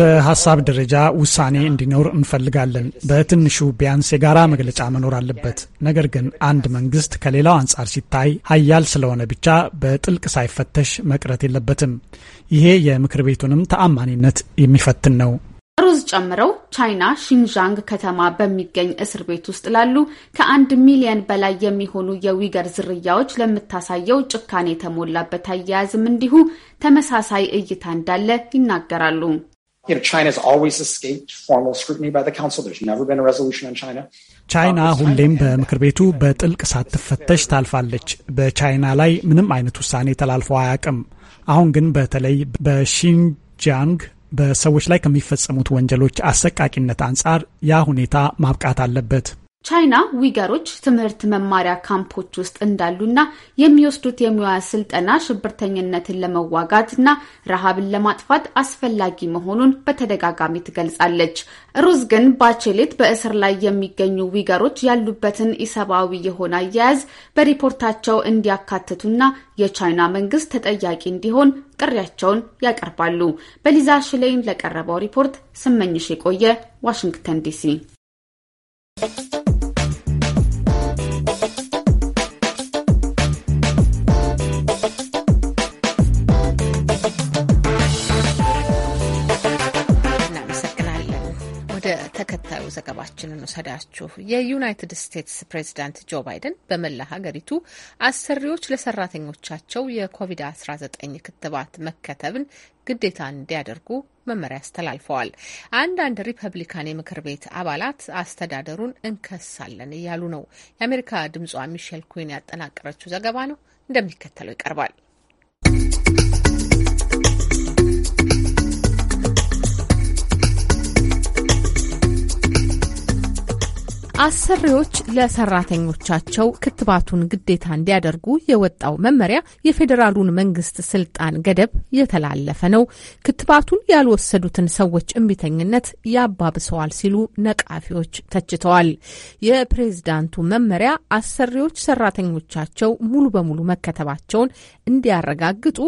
በሀሳብ ደረጃ ውሳኔ እንዲኖር እንፈልጋለን። በትንሹ ቢያንስ የጋራ መግለጫ መኖር አለበት። ነገር ግን አንድ መንግስት ከሌላው አንጻር ሲታይ ሀያል ስለሆነ ብቻ በጥልቅ ሳይፈተሽ መቅረት የለበትም። ይሄ የምክር ቤቱንም ተአማኒነት የሚፈትን ነው። ሩዝ ጨምረው ቻይና ሺንዣንግ ከተማ በሚገኝ እስር ቤት ውስጥ ላሉ ከአንድ ሚሊየን በላይ የሚሆኑ የዊገር ዝርያዎች ለምታሳየው ጭካኔ የተሞላበት አያያዝም እንዲሁ ተመሳሳይ እይታ እንዳለ ይናገራሉ። ቻይና uh, ሁሌም በምክር ቤቱ በጥልቅ ሳትፈተሽ ታልፋለች። በቻይና ላይ ምንም አይነት ውሳኔ ተላልፎ አያውቅም። አሁን ግን በተለይ በሺንጃንግ በሰዎች ላይ ከሚፈጸሙት ወንጀሎች አሰቃቂነት አንጻር ያ ሁኔታ ማብቃት አለበት። ቻይና ዊገሮች ትምህርት መማሪያ ካምፖች ውስጥ እንዳሉና የሚወስዱት የሙያ ስልጠና ሽብርተኝነትን ለመዋጋት እና ረሃብን ለማጥፋት አስፈላጊ መሆኑን በተደጋጋሚ ትገልጻለች። ሩዝ ግን ባቼሌት በእስር ላይ የሚገኙ ዊገሮች ያሉበትን ኢሰብአዊ የሆነ አያያዝ በሪፖርታቸው እንዲያካትቱና የቻይና መንግስት ተጠያቂ እንዲሆን ጥሪያቸውን ያቀርባሉ። በሊዛ ሽሌይን ለቀረበው ሪፖርት ስመኝሽ የቆየ ዋሽንግተን ዲሲ። ዘገባችን ውሰዳችሁ። የዩናይትድ ስቴትስ ፕሬዚዳንት ጆ ባይደን በመላ ሀገሪቱ አሰሪዎች ለሰራተኞቻቸው የኮቪድ-19 ክትባት መከተብን ግዴታ እንዲያደርጉ መመሪያ አስተላልፈዋል። አንዳንድ ሪፐብሊካን የምክር ቤት አባላት አስተዳደሩን እንከሳለን እያሉ ነው። የአሜሪካ ድምጿ ሚሼል ኩዊን ያጠናቀረችው ዘገባ ነው እንደሚከተለው ይቀርባል። አሰሪዎች ለሰራተኞቻቸው ክትባቱን ግዴታ እንዲያደርጉ የወጣው መመሪያ የፌዴራሉን መንግስት ስልጣን ገደብ የተላለፈ ነው፣ ክትባቱን ያልወሰዱትን ሰዎች እምቢተኝነት ያባብሰዋል ሲሉ ነቃፊዎች ተችተዋል። የፕሬዝዳንቱ መመሪያ አሰሪዎች ሰራተኞቻቸው ሙሉ በሙሉ መከተባቸውን እንዲያረጋግጡ፣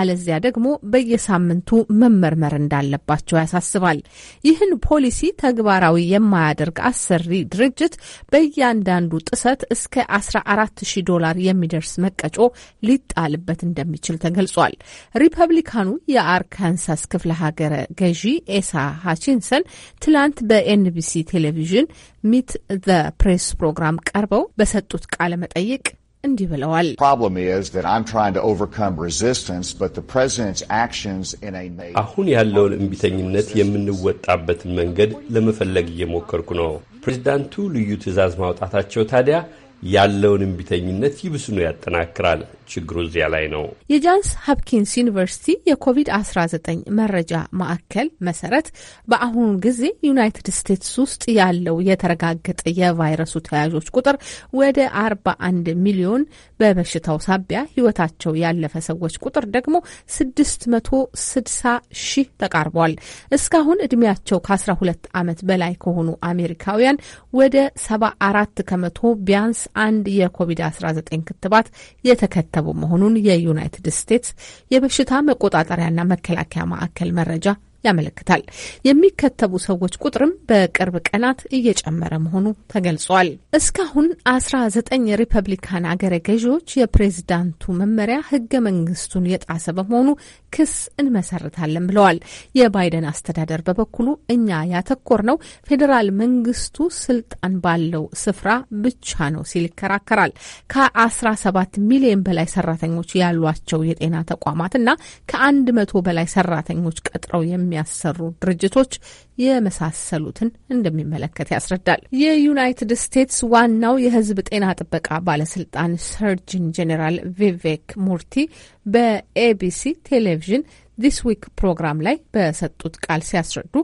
አለዚያ ደግሞ በየሳምንቱ መመርመር እንዳለባቸው ያሳስባል። ይህን ፖሊሲ ተግባራዊ የማያደርግ አሰሪ ድርግ ድርጅት በእያንዳንዱ ጥሰት እስከ 140 ዶላር የሚደርስ መቀጮ ሊጣልበት እንደሚችል ተገልጿል። ሪፐብሊካኑ የአርካንሳስ ክፍለ ሀገረ ገዢ ኤሳ ሃቺንሰን ትላንት በኤንቢሲ ቴሌቪዥን ሚት ዘ ፕሬስ ፕሮግራም ቀርበው በሰጡት ቃለ መጠይቅ እንዲህ ብለዋል። አሁን ያለውን እምቢተኝነት የምንወጣበትን መንገድ ለመፈለግ እየሞከርኩ ነው። ፕሬዚዳንቱ ልዩ ትዕዛዝ ማውጣታቸው ታዲያ ያለውን እምቢተኝነት ይብስኑ ያጠናክራል። ችግሩ እዚያ ላይ ነው። የጃንስ ሀፕኪንስ ዩኒቨርሲቲ የኮቪድ-19 መረጃ ማዕከል መሰረት በአሁኑ ጊዜ ዩናይትድ ስቴትስ ውስጥ ያለው የተረጋገጠ የቫይረሱ ተያዦች ቁጥር ወደ 41 ሚሊዮን፣ በበሽታው ሳቢያ ህይወታቸው ያለፈ ሰዎች ቁጥር ደግሞ 660 ሺህ ተቃርቧል። እስካሁን እድሜያቸው ከ12 ዓመት በላይ ከሆኑ አሜሪካውያን ወደ 74 ከመቶ ቢያንስ አንድ የኮቪድ-19 ክትባት የተከተቡ መሆኑን የዩናይትድ ስቴትስ የበሽታ መቆጣጠሪያና መከላከያ ማዕከል መረጃ ያመለክታል። የሚከተቡ ሰዎች ቁጥርም በቅርብ ቀናት እየጨመረ መሆኑ ተገልጿል። እስካሁን አስራ ዘጠኝ ሪፐብሊካን አገረ ገዢዎች የፕሬዝዳንቱ መመሪያ ህገ መንግስቱን የጣሰ በመሆኑ ክስ እንመሰርታለን ብለዋል። የባይደን አስተዳደር በበኩሉ እኛ ያተኮር ነው ፌዴራል መንግስቱ ስልጣን ባለው ስፍራ ብቻ ነው ሲል ይከራከራል። ከአስራ ሰባት ሚሊዮን በላይ ሰራተኞች ያሏቸው የጤና ተቋማት እና ከአንድ መቶ በላይ ሰራተኞች ቀጥረው የሚ የሚያሰሩ ድርጅቶች የመሳሰሉትን እንደሚመለከት ያስረዳል። የዩናይትድ ስቴትስ ዋናው የሕዝብ ጤና ጥበቃ ባለስልጣን ሰርጅን ጄኔራል ቪቬክ ሙርቲ በኤቢሲ ቴሌቪዥን ዲስ ዊክ ፕሮግራም ላይ በሰጡት ቃል ሲያስረዱ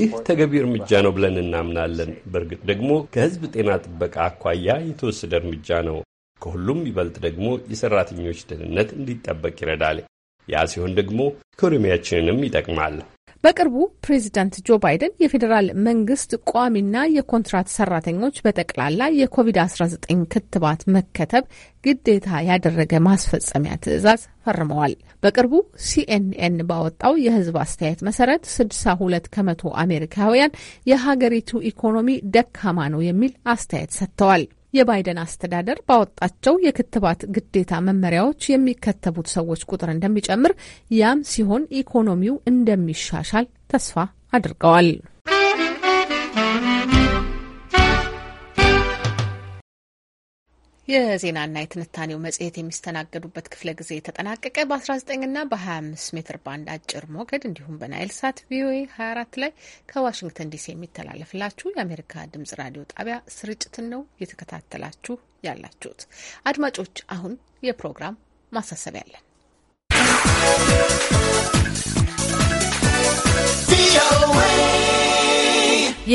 ይህ ተገቢ እርምጃ ነው ብለን እናምናለን። በእርግጥ ደግሞ ከህዝብ ጤና ጥበቃ አኳያ የተወሰደ እርምጃ ነው። ከሁሉም ይበልጥ ደግሞ የሰራተኞች ደህንነት እንዲጠበቅ ይረዳል። ያ ሲሆን ደግሞ ኢኮኖሚያችንንም ይጠቅማል። በቅርቡ ፕሬዚዳንት ጆ ባይደን የፌዴራል መንግስት ቋሚና የኮንትራት ሰራተኞች በጠቅላላ የኮቪድ-19 ክትባት መከተብ ግዴታ ያደረገ ማስፈጸሚያ ትዕዛዝ ፈርመዋል። በቅርቡ ሲኤንኤን ባወጣው የህዝብ አስተያየት መሰረት 62 ከመቶ አሜሪካውያን የሀገሪቱ ኢኮኖሚ ደካማ ነው የሚል አስተያየት ሰጥተዋል። የባይደን አስተዳደር ባወጣቸው የክትባት ግዴታ መመሪያዎች የሚከተቡት ሰዎች ቁጥር እንደሚጨምር፣ ያም ሲሆን ኢኮኖሚው እንደሚሻሻል ተስፋ አድርገዋል። የዜናና የትንታኔው መጽሔት የሚስተናገዱበት ክፍለ ጊዜ የተጠናቀቀ በ በ19ና በ25 ሜትር ባንድ አጭር ሞገድ እንዲሁም በናይል ሳት ቪኦኤ 24 ላይ ከዋሽንግተን ዲሲ የሚተላለፍላችሁ የአሜሪካ ድምጽ ራዲዮ ጣቢያ ስርጭትን ነው እየተከታተላችሁ ያላችሁት። አድማጮች፣ አሁን የፕሮግራም ማሳሰቢያ አለን።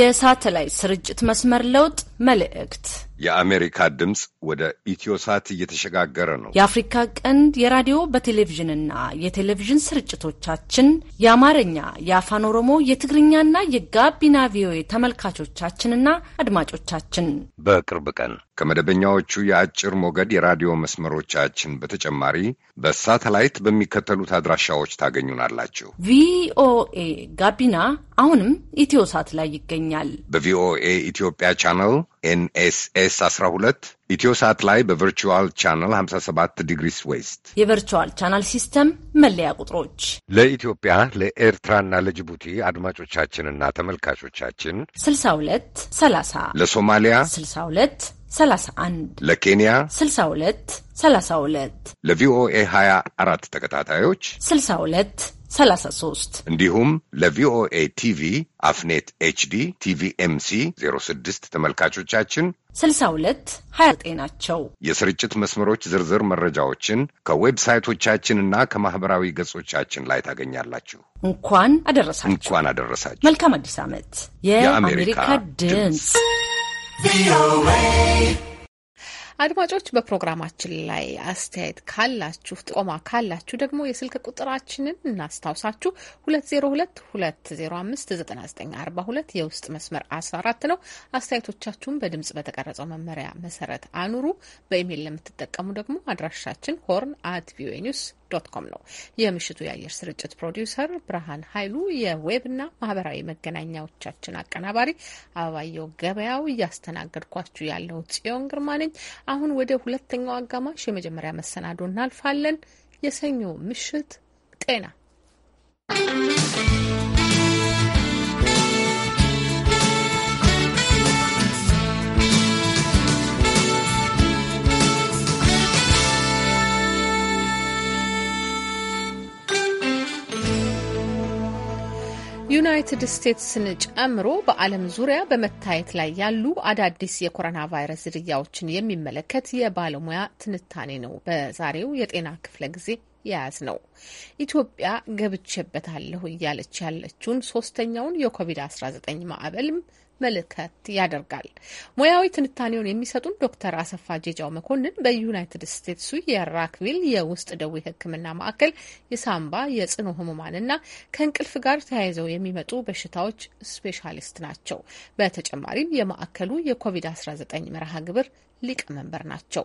የሳተላይት ስርጭት መስመር ለውጥ መልእክት የአሜሪካ ድምፅ ወደ ኢትዮሳት እየተሸጋገረ ነው። የአፍሪካ ቀንድ የራዲዮ በቴሌቪዥንና የቴሌቪዥን ስርጭቶቻችን የአማርኛ፣ የአፋን ኦሮሞ፣ የትግርኛና የጋቢና ቪኦኤ ተመልካቾቻችንና አድማጮቻችን በቅርብ ቀን ከመደበኛዎቹ የአጭር ሞገድ የራዲዮ መስመሮቻችን በተጨማሪ በሳተላይት በሚከተሉት አድራሻዎች ታገኙናላችሁ። ቪኦኤ ጋቢና አሁንም ኢትዮሳት ላይ ይገኛል። በቪኦኤ ኢትዮጵያ ቻናል ኤንኤስኤስ 12 ኢትዮ ሳት ላይ በቨርቹዋል ቻናል 57 ዲግሪስ ዌስት የቨርቹዋል ቻናል ሲስተም መለያ ቁጥሮች ለኢትዮጵያ ለኤርትራና ለጅቡቲ አድማጮቻችንና ተመልካቾቻችን 62 30 ለሶማሊያ 62 31 ለኬንያ 62 32 ለቪኦኤ 24 ተከታታዮች 62 33 እንዲሁም ለቪኦኤ ቲቪ አፍኔት ኤችዲ ቲቪ ኤምሲ 06 ተመልካቾቻችን 62 29 ናቸው። የስርጭት መስመሮች ዝርዝር መረጃዎችን ከዌብሳይቶቻችንና ከማኅበራዊ ገጾቻችን ላይ ታገኛላችሁ። እንኳን አደረሳችሁ እንኳን አደረሳችሁ። መልካም አዲስ ዓመት። የአሜሪካ ድምፅ ቪኦኤ አድማጮች በፕሮግራማችን ላይ አስተያየት ካላችሁ ጥቆማ ካላችሁ ደግሞ የስልክ ቁጥራችንን እናስታውሳችሁ። ሁለት ዜሮ ሁለት ሁለት ዜሮ አምስት ዘጠና ዘጠኝ አርባ ሁለት የውስጥ መስመር አስራ አራት ነው። አስተያየቶቻችሁን በድምጽ በተቀረጸው መመሪያ መሰረት አኑሩ። በኢሜይል ለምትጠቀሙ ደግሞ አድራሻችን ሆርን አት ቪኦኤ ኒውስ ዶት ኮም ነው። የምሽቱ የአየር ስርጭት ፕሮዲውሰር ብርሃን ኃይሉ፣ የዌብና ማህበራዊ መገናኛዎቻችን አቀናባሪ አበባየው ገበያው፣ እያስተናገድኳችሁ ያለው ጽዮን ግርማ ነኝ። አሁን ወደ ሁለተኛው አጋማሽ የመጀመሪያ መሰናዶ እናልፋለን። የሰኞ ምሽት ጤና ዩናይትድ ስቴትስን ጨምሮ በዓለም ዙሪያ በመታየት ላይ ያሉ አዳዲስ የኮሮና ቫይረስ ዝርያዎችን የሚመለከት የባለሙያ ትንታኔ ነው በዛሬው የጤና ክፍለ ጊዜ የያዝ ነው። ኢትዮጵያ ገብቼበታለሁ እያለች ያለችውን ሶስተኛውን የኮቪድ-19 ማዕበልም መልከት ያደርጋል። ሙያዊ ትንታኔውን የሚሰጡን ዶክተር አሰፋ ጄጃው መኮንን በዩናይትድ ስቴትሱ የራክቪል የውስጥ ደዌ ሕክምና ማዕከል የሳምባ የጽኑ ህሙማንና ከእንቅልፍ ጋር ተያይዘው የሚመጡ በሽታዎች ስፔሻሊስት ናቸው። በተጨማሪም የማዕከሉ የኮቪድ-19 መርሃ ግብር ሊቀመንበር ናቸው።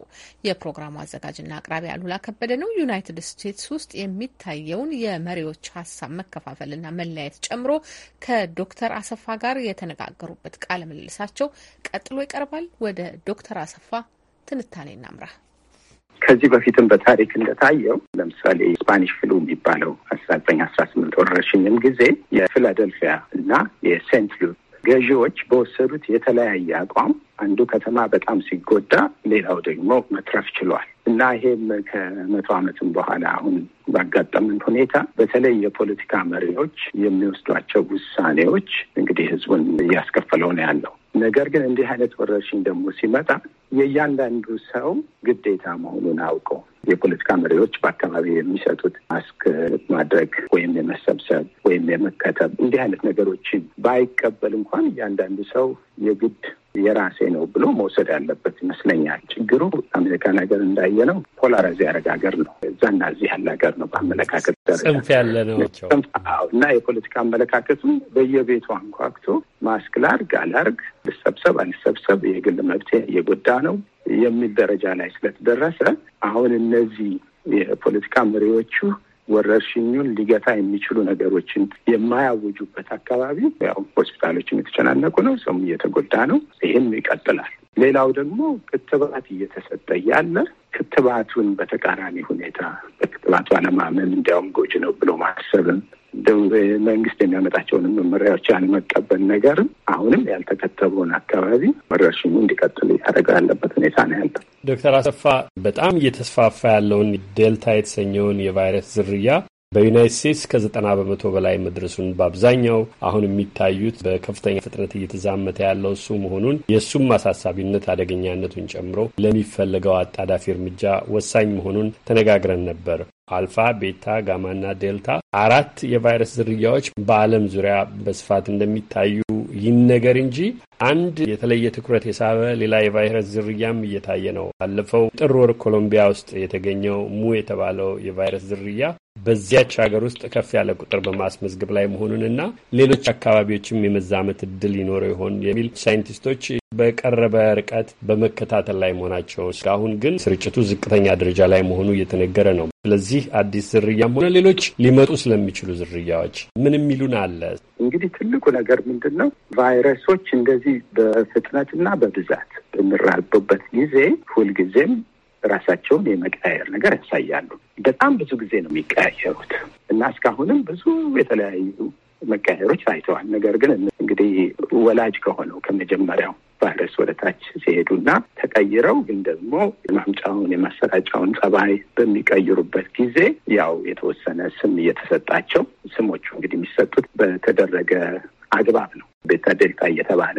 የፕሮግራሙ አዘጋጅና አቅራቢ አሉላ ከበደ ነው። ዩናይትድ ስቴትስ ውስጥ የሚታየውን የመሪዎች ሀሳብ መከፋፈልና መለያየት ጨምሮ ከዶክተር አሰፋ ጋር የተነጋገሩበት ቃለ ምልልሳቸው ቀጥሎ ይቀርባል። ወደ ዶክተር አሰፋ ትንታኔ እናምራ። ከዚህ በፊትም በታሪክ እንደታየው ለምሳሌ ስፓኒሽ ፍሉ የሚባለው አስራ ዘጠኝ አስራ ስምንት ወረርሽኝም ጊዜ የፊላደልፊያ እና የሴንት ሉ ገዢዎች በወሰዱት የተለያየ አቋም አንዱ ከተማ በጣም ሲጎዳ፣ ሌላው ደግሞ መትረፍ ችሏል እና ይሄም ከመቶ ዓመትም በኋላ አሁን ባጋጠምን ሁኔታ በተለይ የፖለቲካ መሪዎች የሚወስዷቸው ውሳኔዎች እንግዲህ ህዝቡን እያስከፈለው ነው ያለው። ነገር ግን እንዲህ አይነት ወረርሽኝ ደግሞ ሲመጣ የእያንዳንዱ ሰው ግዴታ መሆኑን አውቀው የፖለቲካ መሪዎች በአካባቢ የሚሰጡት ማስክ ማድረግ ወይም የመሰብሰብ ወይም የመከተብ እንዲህ አይነት ነገሮችን ባይቀበል እንኳን እያንዳንዱ ሰው የግድ የራሴ ነው ብሎ መውሰድ ያለበት ይመስለኛል። ችግሩ አሜሪካን ሀገር እንዳየነው ፖላራይዝ ያደረገ ሀገር ነው። እዛና እዚህ ያለ ሀገር ነው። በአመለካከት ጽንፍ ያለ ነው እና የፖለቲካ አመለካከቱም በየቤቱ አንኳክቶ ማስክ ላርግ አላርግ፣ ልሰብሰብ አልሰብሰብ የግል መብቴ እየጎዳ ነው የሚል ደረጃ ላይ ስለተደረሰ አሁን እነዚህ የፖለቲካ መሪዎቹ ወረርሽኙን ሊገታ የሚችሉ ነገሮችን የማያውጁበት አካባቢ ያው ሆስፒታሎችም የተጨናነቁ ነው፣ ሰውም እየተጎዳ ነው። ይህም ይቀጥላል። ሌላው ደግሞ ክትባት እየተሰጠ ያለ ክትባቱን በተቃራኒ ሁኔታ በክትባቱ አለማመን እንዲያውም ጎጂ ነው ብሎ ማሰብም መንግስት የሚያመጣቸውን መመሪያዎች ያልመቀበል ነገርም አሁንም ያልተከተበውን አካባቢ ወረርሽኙ እንዲቀጥሉ ያደረገ ያለበት ሁኔታ ነው ያለው። ዶክተር አሰፋ በጣም እየተስፋፋ ያለውን ዴልታ የተሰኘውን የቫይረስ ዝርያ በዩናይት ስቴትስ ከዘጠና በመቶ በላይ መድረሱን በአብዛኛው አሁን የሚታዩት በከፍተኛ ፍጥነት እየተዛመተ ያለው እሱ መሆኑን የእሱም አሳሳቢነት አደገኛነቱን ጨምሮ ለሚፈለገው አጣዳፊ እርምጃ ወሳኝ መሆኑን ተነጋግረን ነበር። አልፋ፣ ቤታ፣ ጋማና ዴልታ አራት የቫይረስ ዝርያዎች በዓለም ዙሪያ በስፋት እንደሚታዩ ይነገር እንጂ አንድ የተለየ ትኩረት የሳበ ሌላ የቫይረስ ዝርያም እየታየ ነው። ባለፈው ጥር ወር ኮሎምቢያ ውስጥ የተገኘው ሙ የተባለው የቫይረስ ዝርያ በዚያች ሀገር ውስጥ ከፍ ያለ ቁጥር በማስመዝገብ ላይ መሆኑንና ሌሎች አካባቢዎችም የመዛመት እድል ይኖረው ይሆን የሚል ሳይንቲስቶች በቀረበ ርቀት በመከታተል ላይ መሆናቸው፣ እስካሁን ግን ስርጭቱ ዝቅተኛ ደረጃ ላይ መሆኑ እየተነገረ ነው። ስለዚህ አዲስ ዝርያም ሆነ ሌሎች ሊመጡ ስለሚችሉ ዝርያዎች ምን የሚሉን አለ? እንግዲህ ትልቁ ነገር ምንድን ነው? ቫይረሶች እንደዚህ በፍጥነትና በብዛት በሚራቡበት ጊዜ ሁልጊዜም ራሳቸውን የመቀያየር ነገር ያሳያሉ። በጣም ብዙ ጊዜ ነው የሚቀያየሩት እና እስካሁንም ብዙ የተለያዩ መቀያየሮች ታይተዋል። ነገር ግን እንግዲህ ወላጅ ከሆነው ከመጀመሪያው ቫይረስ ወደ ታች ሲሄዱና ተቀይረው ግን ደግሞ የማምጫውን የማሰራጫውን ጸባይ በሚቀይሩበት ጊዜ ያው የተወሰነ ስም እየተሰጣቸው ስሞቹ እንግዲህ የሚሰጡት በተደረገ አግባብ ነው። ቤታ ዴልታ እየተባለ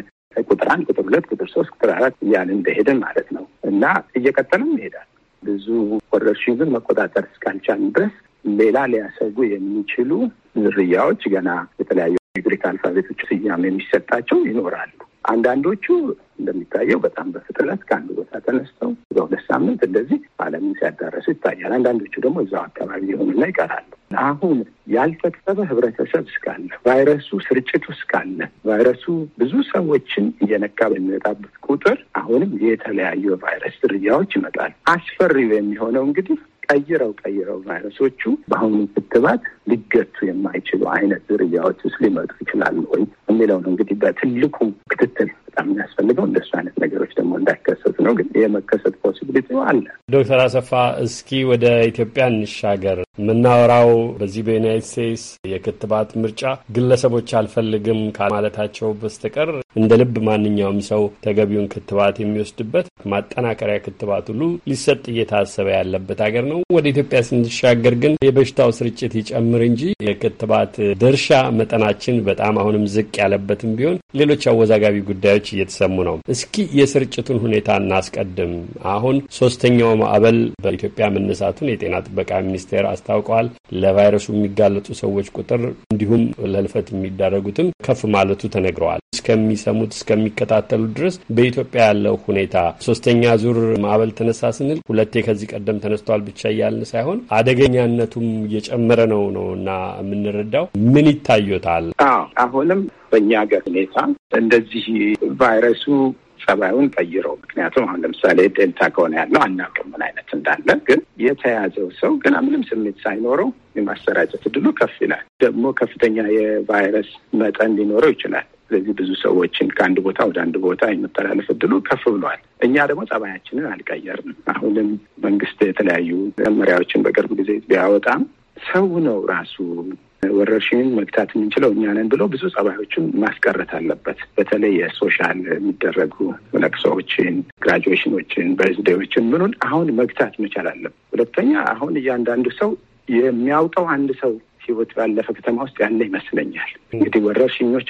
ቁጥር አንድ፣ ቁጥር ሁለት፣ ቁጥር ሶስት፣ ቁጥር አራት እያለ እንደሄድን ማለት ነው እና እየቀጠልም ይሄዳል። ብዙ ግን መቆጣጠር እስካልቻልን ድረስ ሌላ ሊያሰጉ የሚችሉ ዝርያዎች ገና የተለያዩ ግሪክ አልፋቤቶች ስያሜ የሚሰጣቸው ይኖራሉ። አንዳንዶቹ እንደሚታየው በጣም በፍጥነት ከአንድ ቦታ ተነስተው በሁለት ሳምንት እንደዚህ ዓለምን ሲያዳረሱ ይታያል። አንዳንዶቹ ደግሞ እዛው አካባቢ የሆኑና ይቀራሉ። አሁን ያልተጠበ ህብረተሰብ እስካለ ቫይረሱ ስርጭቱ እስካለ ቫይረሱ ብዙ ሰዎችን እየነካ በሚመጣበት ቁጥር አሁንም የተለያዩ የቫይረስ ዝርያዎች ይመጣል። አስፈሪው የሚሆነው እንግዲህ ቀይረው ቀይረው ቫይረሶቹ በአሁኑ ክትባት ሊገቱ የማይችሉ አይነት ዝርያዎች ውስጥ ሊመጡ ይችላሉ ወይ የሚለው ነው እንግዲህ በትልቁ ክትትል በጣም የሚያስፈልገው። እንደሱ አይነት ነገሮች ደግሞ እንዳይከሰቱ ነው። ግን የመከሰት ፖሲቢሊቲ አለ። ዶክተር አሰፋ እስኪ ወደ ኢትዮጵያ እንሻገር። የምናወራው በዚህ በዩናይት ስቴትስ የክትባት ምርጫ ግለሰቦች አልፈልግም ከማለታቸው በስተቀር እንደ ልብ ማንኛውም ሰው ተገቢውን ክትባት የሚወስድበት ማጠናከሪያ ክትባት ሁሉ ሊሰጥ እየታሰበ ያለበት ሀገር ነው። ወደ ኢትዮጵያ ስንሻገር ግን የበሽታው ስርጭት ይጨምር እንጂ የክትባት ድርሻ መጠናችን በጣም አሁንም ዝቅ ያለበትም ቢሆን ሌሎች አወዛጋቢ ጉዳዮች እየተሰሙ ነው። እስኪ የስርጭቱን ሁኔታ እናስቀድም። አሁን ሶስተኛው ማዕበል በኢትዮጵያ መነሳቱን የጤና ጥበቃ ሚኒስቴር አስታውቀዋል። ለቫይረሱ የሚጋለጡ ሰዎች ቁጥር እንዲሁም ለህልፈት የሚዳረጉትም ከፍ ማለቱ ተነግረዋል። እስከሚሰሙት እስከሚከታተሉ ድረስ በኢትዮጵያ ያለው ሁኔታ ሶስተኛ ዙር ማዕበል ተነሳ ስንል ሁለቴ ከዚህ ቀደም ተነስቷል ብቻ እያልን ሳይሆን አደገኛነቱም እየጨመረ ነው ነው እና የምንረዳው ምን ይታዩታል? አሁንም በእኛ ሀገር ሁኔታ እንደዚህ ቫይረሱ ጸባዩን ቀይረው ምክንያቱም አሁን ለምሳሌ ዴልታ ከሆነ ያለው አናውቅም ምን አይነት እንዳለ፣ ግን የተያዘው ሰው ገና ምንም ስሜት ሳይኖረው የማሰራጨት እድሉ ከፍ ይላል። ደግሞ ከፍተኛ የቫይረስ መጠን ሊኖረው ይችላል። ስለዚህ ብዙ ሰዎችን ከአንድ ቦታ ወደ አንድ ቦታ የመተላለፍ እድሉ ከፍ ብሏል። እኛ ደግሞ ጸባያችንን አልቀየርም። አሁንም መንግስት የተለያዩ መመሪያዎችን በቅርብ ጊዜ ቢያወጣም ሰው ነው ራሱ ወረርሽኝን መግታት የምንችለው እኛ ነን ብሎ ብዙ ጸባዮችን ማስቀረት አለበት። በተለይ የሶሻል የሚደረጉ ለቅሶዎችን፣ ግራጁዌሽኖችን፣ በርዝዴዎችን ምኑን አሁን መግታት መቻል አለበት። ሁለተኛ አሁን እያንዳንዱ ሰው የሚያውቀው አንድ ሰው ህይወት ባለፈ ከተማ ውስጥ ያለ ይመስለኛል። እንግዲህ ወረርሽኞች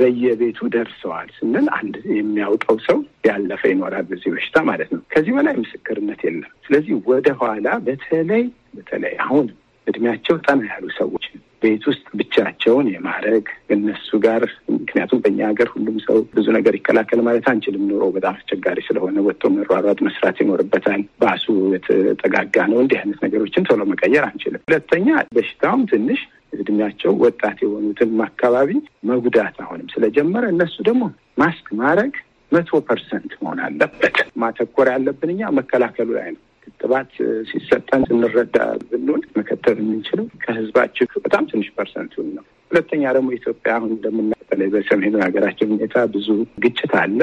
በየቤቱ ደርሰዋል ስንል አንድ የሚያውቀው ሰው ያለፈ ይኖራል በዚህ በሽታ ማለት ነው። ከዚህ በላይ ምስክርነት የለም። ስለዚህ ወደኋላ በተለይ በተለይ አሁን እድሜያቸው ጠና ያሉ ሰዎች ቤት ውስጥ ብቻቸውን የማድረግ እነሱ ጋር ምክንያቱም በእኛ ሀገር ሁሉም ሰው ብዙ ነገር ይከላከል ማለት አንችልም። ኑሮ በጣም አስቸጋሪ ስለሆነ ወጥቶ መሯሯጥ መስራት ይኖርበታል። ባሱ የተጠጋጋ ነው። እንዲህ አይነት ነገሮችን ቶሎ መቀየር አንችልም። ሁለተኛ በሽታውም ትንሽ እድሜያቸው ወጣት የሆኑትን አካባቢ መጉዳት አሁንም ስለጀመረ እነሱ ደግሞ ማስክ ማድረግ መቶ ፐርሰንት መሆን አለበት። ማተኮር ያለብን እኛ መከላከሉ ላይ ነው። ቅባት ሲሰጠን ስንረዳ ብንሆን መከተል የምንችለው ከህዝባችን በጣም ትንሽ ፐርሰንቱን ነው። ሁለተኛ ደግሞ ኢትዮጵያ አሁን እንደምና በተለይ በሰሜኑ ሀገራችን ሁኔታ ብዙ ግጭት አለ።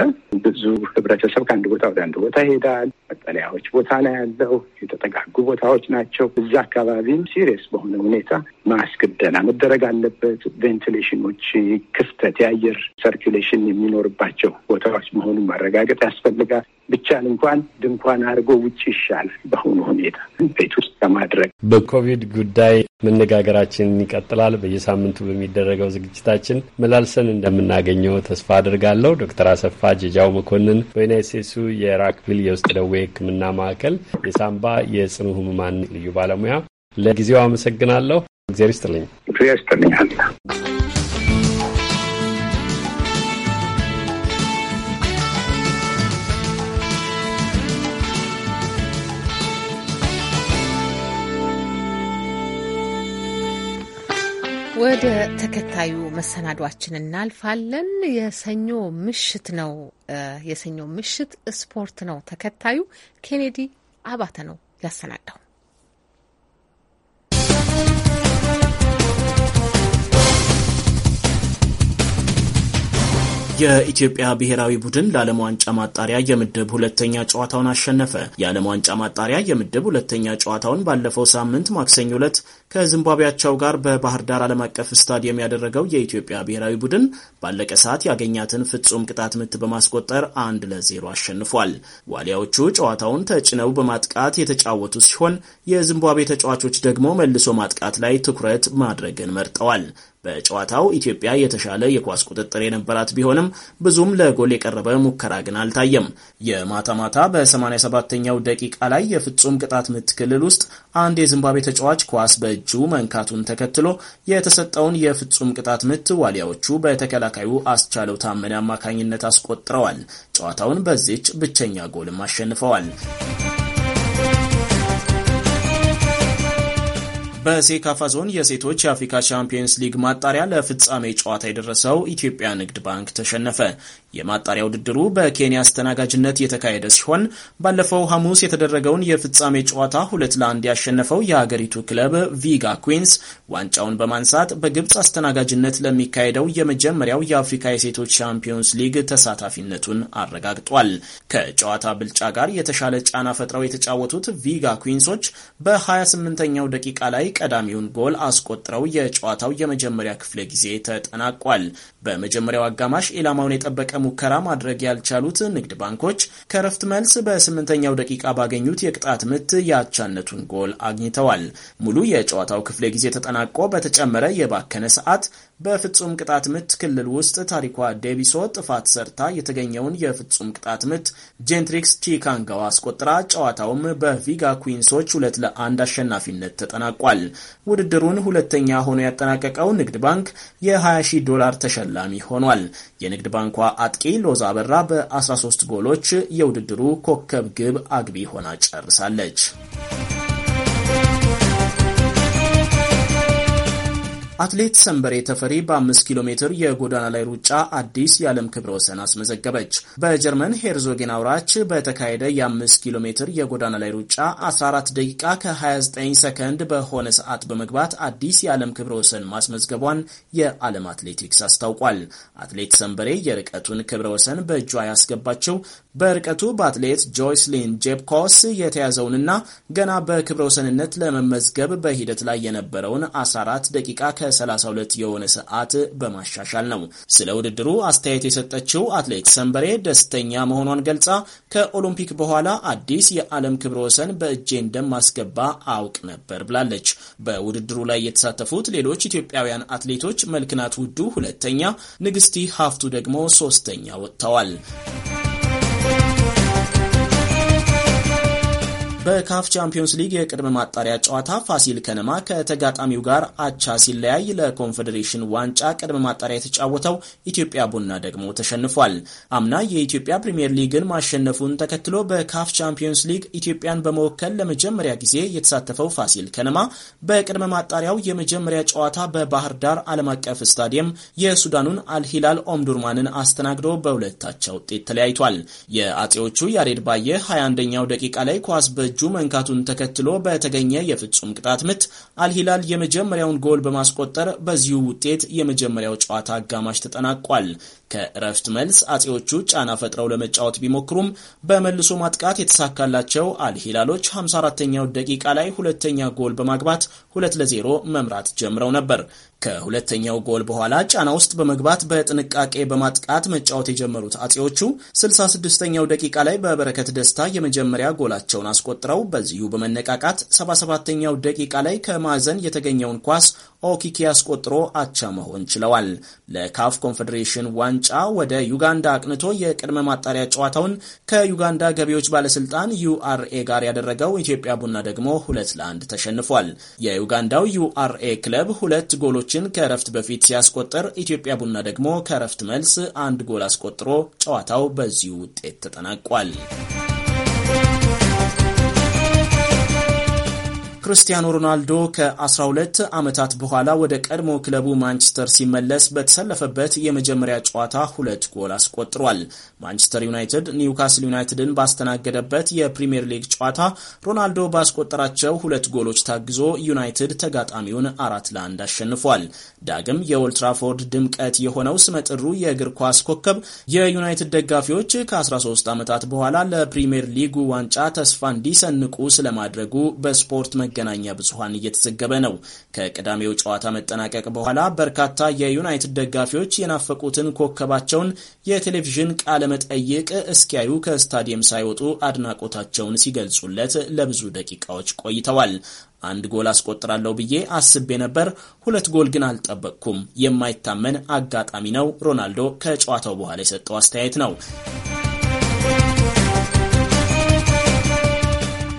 ብዙ ህብረተሰብ ከአንድ ቦታ ወደ አንድ ቦታ ይሄዳል። መጠለያዎች ቦታ ላይ ያለው፣ የተጠጋጉ ቦታዎች ናቸው። እዛ አካባቢም ሲሪየስ በሆነ ሁኔታ ማስገደና መደረግ አለበት። ቬንቲሌሽኖች ክፍተት፣ የአየር ሰርኪሌሽን የሚኖርባቸው ቦታዎች መሆኑን ማረጋገጥ ያስፈልጋል። ብቻን እንኳን ድንኳን አድርጎ ውጭ ይሻል። በአሁኑ ሁኔታ ቤት ውስጥ ከማድረግ በኮቪድ ጉዳይ መነጋገራችን ይቀጥላል። በየሳምንቱ በሚደረገው ዝግጅታችን መላልሰን እንደምናገኘው ተስፋ አድርጋለሁ። ዶክተር አሰፋ ጀጃው መኮንን በዩናይት ስቴትሱ የራክቪል የውስጥ ደዌ ሕክምና ማዕከል የሳምባ የጽኑ ህሙማን ልዩ ባለሙያ፣ ለጊዜው አመሰግናለሁ። እግዚአብሔር ይስጥልኝ። እግዚአብሔር ይስጥልኛል። ወደ ተከታዩ መሰናዷችን እናልፋለን። የሰኞ ምሽት ነው። የሰኞ ምሽት ስፖርት ነው። ተከታዩ ኬኔዲ አባተ ነው ያሰናዳው። የኢትዮጵያ ብሔራዊ ቡድን ለዓለም ዋንጫ ማጣሪያ የምድብ ሁለተኛ ጨዋታውን አሸነፈ። የዓለም ዋንጫ ማጣሪያ የምድብ ሁለተኛ ጨዋታውን ባለፈው ሳምንት ማክሰኞ ዕለት ከዚምባብዌ ጋር በባህር ዳር ዓለም አቀፍ ስታዲየም ያደረገው የኢትዮጵያ ብሔራዊ ቡድን ባለቀ ሰዓት ያገኛትን ፍጹም ቅጣት ምት በማስቆጠር አንድ ለዜሮ አሸንፏል። ዋሊያዎቹ ጨዋታውን ተጭነው በማጥቃት የተጫወቱ ሲሆን የዚምባብዌ ተጫዋቾች ደግሞ መልሶ ማጥቃት ላይ ትኩረት ማድረግን መርጠዋል። በጨዋታው ኢትዮጵያ የተሻለ የኳስ ቁጥጥር የነበራት ቢሆንም ብዙም ለጎል የቀረበ ሙከራ ግን አልታየም። የማታ ማታ በ87ኛው ደቂቃ ላይ የፍጹም ቅጣት ምት ክልል ውስጥ አንድ የዚምባብዌ ተጫዋች ኳስ በ በእጁ መንካቱን ተከትሎ የተሰጠውን የፍጹም ቅጣት ምት ዋሊያዎቹ በተከላካዩ አስቻለው ታመነ አማካኝነት አስቆጥረዋል። ጨዋታውን በዚች ብቸኛ ጎልም አሸንፈዋል። በሴካፋ ዞን የሴቶች የአፍሪካ ቻምፒየንስ ሊግ ማጣሪያ ለፍጻሜ ጨዋታ የደረሰው ኢትዮጵያ ንግድ ባንክ ተሸነፈ። የማጣሪያ ውድድሩ በኬንያ አስተናጋጅነት የተካሄደ ሲሆን ባለፈው ሐሙስ የተደረገውን የፍጻሜ ጨዋታ ሁለት ለአንድ ያሸነፈው የአገሪቱ ክለብ ቪጋ ኩዊንስ ዋንጫውን በማንሳት በግብፅ አስተናጋጅነት ለሚካሄደው የመጀመሪያው የአፍሪካ የሴቶች ቻምፒየንስ ሊግ ተሳታፊነቱን አረጋግጧል። ከጨዋታ ብልጫ ጋር የተሻለ ጫና ፈጥረው የተጫወቱት ቪጋ ኩዊንሶች በ28ኛው ደቂቃ ላይ ቀዳሚውን ጎል አስቆጥረው የጨዋታው የመጀመሪያ ክፍለ ጊዜ ተጠናቋል። በመጀመሪያው አጋማሽ ኢላማውን የጠበቀ ሙከራ ማድረግ ያልቻሉት ንግድ ባንኮች ከረፍት መልስ በስምንተኛው ደቂቃ ባገኙት የቅጣት ምት የአቻነቱን ጎል አግኝተዋል። ሙሉ የጨዋታው ክፍለ ጊዜ ተጠናቆ በተጨመረ የባከነ ሰዓት በፍጹም ቅጣት ምት ክልል ውስጥ ታሪኳ ዴቢሶ ጥፋት ሰርታ የተገኘውን የፍጹም ቅጣት ምት ጄንትሪክስ ቺካንጋው አስቆጥራ ጨዋታውም በቪጋ ኩዊንሶች ሁለት ለአንድ አሸናፊነት ተጠናቋል። ውድድሩን ሁለተኛ ሆኖ ያጠናቀቀው ንግድ ባንክ የ20 ሺህ ዶላር ተሸላሚ ሆኗል። የንግድ ባንኳ አጥቂ ሎዛ በራ በ13 ጎሎች የውድድሩ ኮከብ ግብ አግቢ ሆና ጨርሳለች። አትሌት ሰንበሬ ተፈሪ በ5 ኪሎ ሜትር የጎዳና ላይ ሩጫ አዲስ የዓለም ክብረ ወሰን አስመዘገበች። በጀርመን ሄርዞጌን አውራች በተካሄደ የ5 ኪሎ ሜትር የጎዳና ላይ ሩጫ 14 ደቂቃ ከ29 ሰከንድ በሆነ ሰዓት በመግባት አዲስ የዓለም ክብረ ወሰን ማስመዝገቧን የዓለም አትሌቲክስ አስታውቋል። አትሌት ሰንበሬ የርቀቱን ክብረ ወሰን በእጇ ያስገባቸው በርቀቱ በአትሌት ጆይስሊን ጄፕኮስ የተያዘውንና ገና በክብረ ወሰንነት ለመመዝገብ በሂደት ላይ የነበረውን 14 ደቂቃ ከ32 የሆነ ሰዓት በማሻሻል ነው። ስለ ውድድሩ አስተያየት የሰጠችው አትሌት ሰንበሬ ደስተኛ መሆኗን ገልጻ ከኦሎምፒክ በኋላ አዲስ የዓለም ክብረ ወሰን በእጄ እንደማስገባ አውቅ ነበር ብላለች። በውድድሩ ላይ የተሳተፉት ሌሎች ኢትዮጵያውያን አትሌቶች መልክናት ውዱ ሁለተኛ፣ ንግስቲ ሀፍቱ ደግሞ ሶስተኛ ወጥተዋል። በካፍ ቻምፒዮንስ ሊግ የቅድመ ማጣሪያ ጨዋታ ፋሲል ከነማ ከተጋጣሚው ጋር አቻ ሲለያይ ለኮንፌዴሬሽን ዋንጫ ቅድመ ማጣሪያ የተጫወተው ኢትዮጵያ ቡና ደግሞ ተሸንፏል። አምና የኢትዮጵያ ፕሪምየር ሊግን ማሸነፉን ተከትሎ በካፍ ቻምፒዮንስ ሊግ ኢትዮጵያን በመወከል ለመጀመሪያ ጊዜ የተሳተፈው ፋሲል ከነማ በቅድመ ማጣሪያው የመጀመሪያ ጨዋታ በባህር ዳር ዓለም አቀፍ ስታዲየም የሱዳኑን አልሂላል ኦምዱርማንን አስተናግዶ በሁለታቸው ውጤት ተለያይቷል። የአጼዎቹ ያሬድ ባየ 21ኛው ደቂቃ ላይ ኳስ በ በእጁ መንካቱን ተከትሎ በተገኘ የፍጹም ቅጣት ምት አልሂላል የመጀመሪያውን ጎል በማስቆጠር በዚሁ ውጤት የመጀመሪያው ጨዋታ አጋማሽ ተጠናቋል። ከእረፍት መልስ አጼዎቹ ጫና ፈጥረው ለመጫወት ቢሞክሩም በመልሶ ማጥቃት የተሳካላቸው አልሂላሎች 54ኛው ደቂቃ ላይ ሁለተኛ ጎል በማግባት 2 ለ0 መምራት ጀምረው ነበር። ከሁለተኛው ጎል በኋላ ጫና ውስጥ በመግባት በጥንቃቄ በማጥቃት መጫወት የጀመሩት አጼዎቹ 66ኛው ደቂቃ ላይ በበረከት ደስታ የመጀመሪያ ጎላቸውን አስቆጥረው በዚሁ በመነቃቃት 77ኛው ደቂቃ ላይ ከማዕዘን የተገኘውን ኳስ ኦኪኪ አስቆጥሮ አቻ መሆን ችለዋል። ለካፍ ኮንፌዴሬሽን ዋንጫ ወደ ዩጋንዳ አቅንቶ የቅድመ ማጣሪያ ጨዋታውን ከዩጋንዳ ገቢዎች ባለስልጣን ዩአርኤ ጋር ያደረገው ኢትዮጵያ ቡና ደግሞ ሁለት ለአንድ ተሸንፏል። የዩጋንዳው ዩአርኤ ክለብ ሁለት ጎሎች ግቦችን ከእረፍት በፊት ሲያስቆጥር! ኢትዮጵያ ቡና ደግሞ ከእረፍት መልስ አንድ ጎል አስቆጥሮ ጨዋታው በዚሁ ውጤት ተጠናቋል። ክርስቲያኖ ሮናልዶ ከ12 ዓመታት በኋላ ወደ ቀድሞ ክለቡ ማንቸስተር ሲመለስ በተሰለፈበት የመጀመሪያ ጨዋታ ሁለት ጎል አስቆጥሯል። ማንቸስተር ዩናይትድ ኒውካስል ዩናይትድን ባስተናገደበት የፕሪምየር ሊግ ጨዋታ ሮናልዶ ባስቆጠራቸው ሁለት ጎሎች ታግዞ ዩናይትድ ተጋጣሚውን አራት ለአንድ አሸንፏል። ዳግም የኦልትራፎርድ ድምቀት የሆነው ስመጥሩ የእግር ኳስ ኮከብ የዩናይትድ ደጋፊዎች ከ13 ዓመታት በኋላ ለፕሪምየር ሊጉ ዋንጫ ተስፋ እንዲሰንቁ ስለማድረጉ በስፖርት መገናኛ ብዙኃን እየተዘገበ ነው። ከቅዳሜው ጨዋታ መጠናቀቅ በኋላ በርካታ የዩናይትድ ደጋፊዎች የናፈቁትን ኮከባቸውን የቴሌቪዥን ቃለ መጠይቅ እስኪያዩ ከስታዲየም ሳይወጡ አድናቆታቸውን ሲገልጹለት ለብዙ ደቂቃዎች ቆይተዋል። አንድ ጎል አስቆጥራለሁ ብዬ አስቤ ነበር። ሁለት ጎል ግን አልጠበቅኩም። የማይታመን አጋጣሚ ነው። ሮናልዶ ከጨዋታው በኋላ የሰጠው አስተያየት ነው።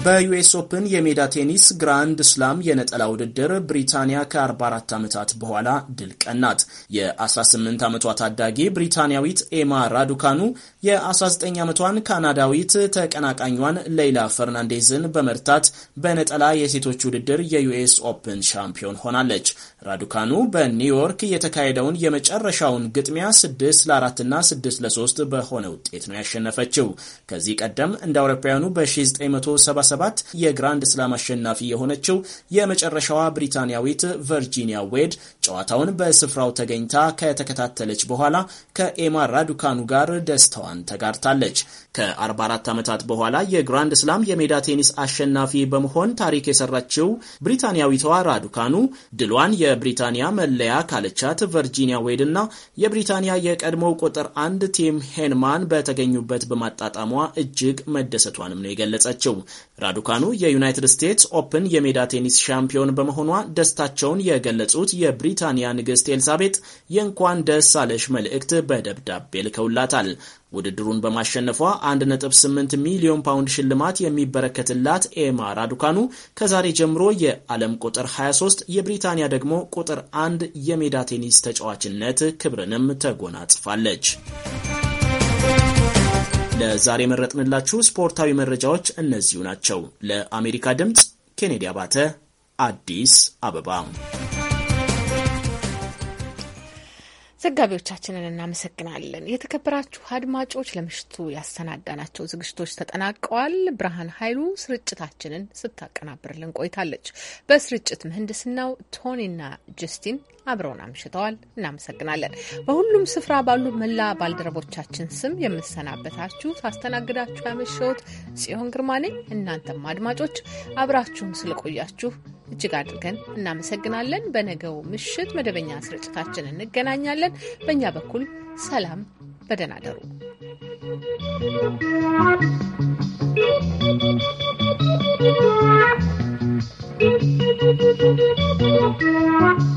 በዩኤስ ኦፕን የሜዳ ቴኒስ ግራንድ ስላም የነጠላ ውድድር ብሪታንያ ከ44 ዓመታት በኋላ ድል ቀናት። የ18 ዓመቷ ታዳጊ ብሪታንያዊት ኤማ ራዱካኑ የ19 ዓመቷን ካናዳዊት ተቀናቃኟን ሌይላ ፈርናንዴዝን በመርታት በነጠላ የሴቶች ውድድር የዩኤስ ኦፕን ሻምፒዮን ሆናለች። ራዱካኑ በኒውዮርክ የተካሄደውን የመጨረሻውን ግጥሚያ 6 ለ4 እና 6 ለ3 በሆነ ውጤት ነው ያሸነፈችው። ከዚህ ቀደም እንደ አውሮፓውያኑ በ1977 የግራንድ ስላም አሸናፊ የሆነችው የመጨረሻዋ ብሪታንያዊት ቨርጂኒያ ዌድ ጨዋታውን በስፍራው ተገኝታ ከተከታተለች በኋላ ከኤማ ራዱካኑ ጋር ደስታዋን ተጋርታለች። ከ44 ዓመታት በኋላ የግራንድ ስላም የሜዳ ቴኒስ አሸናፊ በመሆን ታሪክ የሰራችው ብሪታንያዊቷ ራዱካኑ ድሏን የብሪታንያ መለያ ካለቻት ቨርጂኒያ ዌድ እና የብሪታንያ የቀድሞው ቁጥር አንድ ቲም ሄንማን በተገኙበት በማጣጣሟ እጅግ መደሰቷንም ነው የገለጸችው። ራዱካኑ የዩናይትድ ስቴትስ ኦፕን የሜዳ ቴኒስ ሻምፒዮን በመሆኗ ደስታቸውን የገለጹት የብሪታንያ ንግሥት ኤልሳቤጥ የእንኳን ደስ አለሽ መልእክት በደብዳቤ ልከውላታል። ውድድሩን በማሸነፏ 1.8 ሚሊዮን ፓውንድ ሽልማት የሚበረከትላት ኤማ ራዱካኑ ከዛሬ ጀምሮ የዓለም ቁጥር 23 የብሪታንያ ደግሞ ቁጥር 1 የሜዳ ቴኒስ ተጫዋችነት ክብርንም ተጎናጽፋለች። ለዛሬ የመረጥንላችሁ ስፖርታዊ መረጃዎች እነዚሁ ናቸው። ለአሜሪካ ድምፅ ኬኔዲ አባተ አዲስ አበባ ዘጋቢዎቻችንን እናመሰግናለን። የተከበራችሁ አድማጮች ለምሽቱ ያሰናዳናቸው ዝግጅቶች ተጠናቀዋል። ብርሃን ኃይሉ ስርጭታችንን ስታቀናብርልን ቆይታለች። በስርጭት ምህንድስናው ቶኒና ጀስቲን አብረውን አምሽተዋል። እናመሰግናለን። በሁሉም ስፍራ ባሉ መላ ባልደረቦቻችን ስም የምሰናበታችሁ ሳስተናግዳችሁ ያመሸሁት ጽዮን ግርማ ነኝ። እናንተም አድማጮች አብራችሁን ስለቆያችሁ እጅግ አድርገን እናመሰግናለን። በነገው ምሽት መደበኛ ስርጭታችን እንገናኛለን። በእኛ በኩል ሰላም፣ በደህና ደሩ።